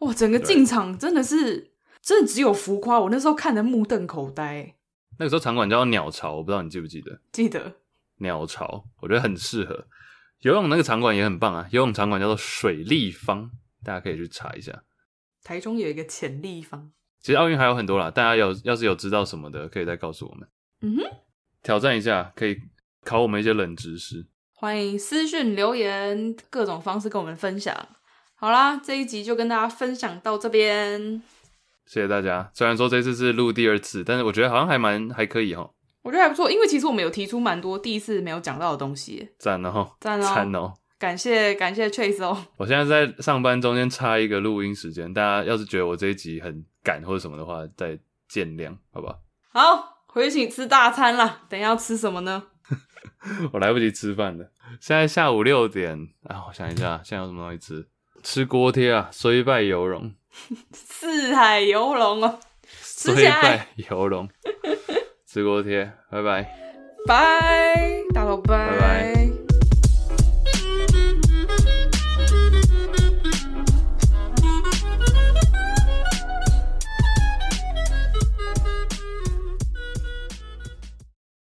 嗯、哇，整個進場真的是真的只有浮誇，我那時候看得目瞪口呆。那個時候場館叫做鳥巢，我不知道你記不記得？記得。鳥巢，我覺得很適合。游泳那個場館也很棒啊，游泳場館叫做水立方，大家可以去查一下。台中有一個潛立方。其實奧運還有很多啦，大家有要是有知道什麼的，可以再告訴我們。嗯哼，挑戰一下可以。考我們一些冷知識，歡迎私訊留言，各種方式跟我們分享。好啦，這一集就跟大家分享到這邊，謝謝大家。雖然說這次是錄第二次，但是我覺得好像還蠻還可以哈。我覺得還不錯，因為其實我們有提出蠻多第一次沒有講到的東西。讚哦、喔，讚哦、喔，讚哦、喔！感謝感謝 Chase 哦、喔。我現在在上班，中間插一個錄音時間，大家要是覺得我這一集很趕或者什麼的話，再見諒，好不好？好，回請吃大餐啦，等一下要吃什麼呢？ 我來不及吃飯了，現在下午六點，啊，我想一下，現在有什麼東西吃？吃鍋貼啊，雖敗猶榮， 四海遊龍哦，雖敗猶榮，吃鍋貼， 拜拜，bye、老拜，大頭拜。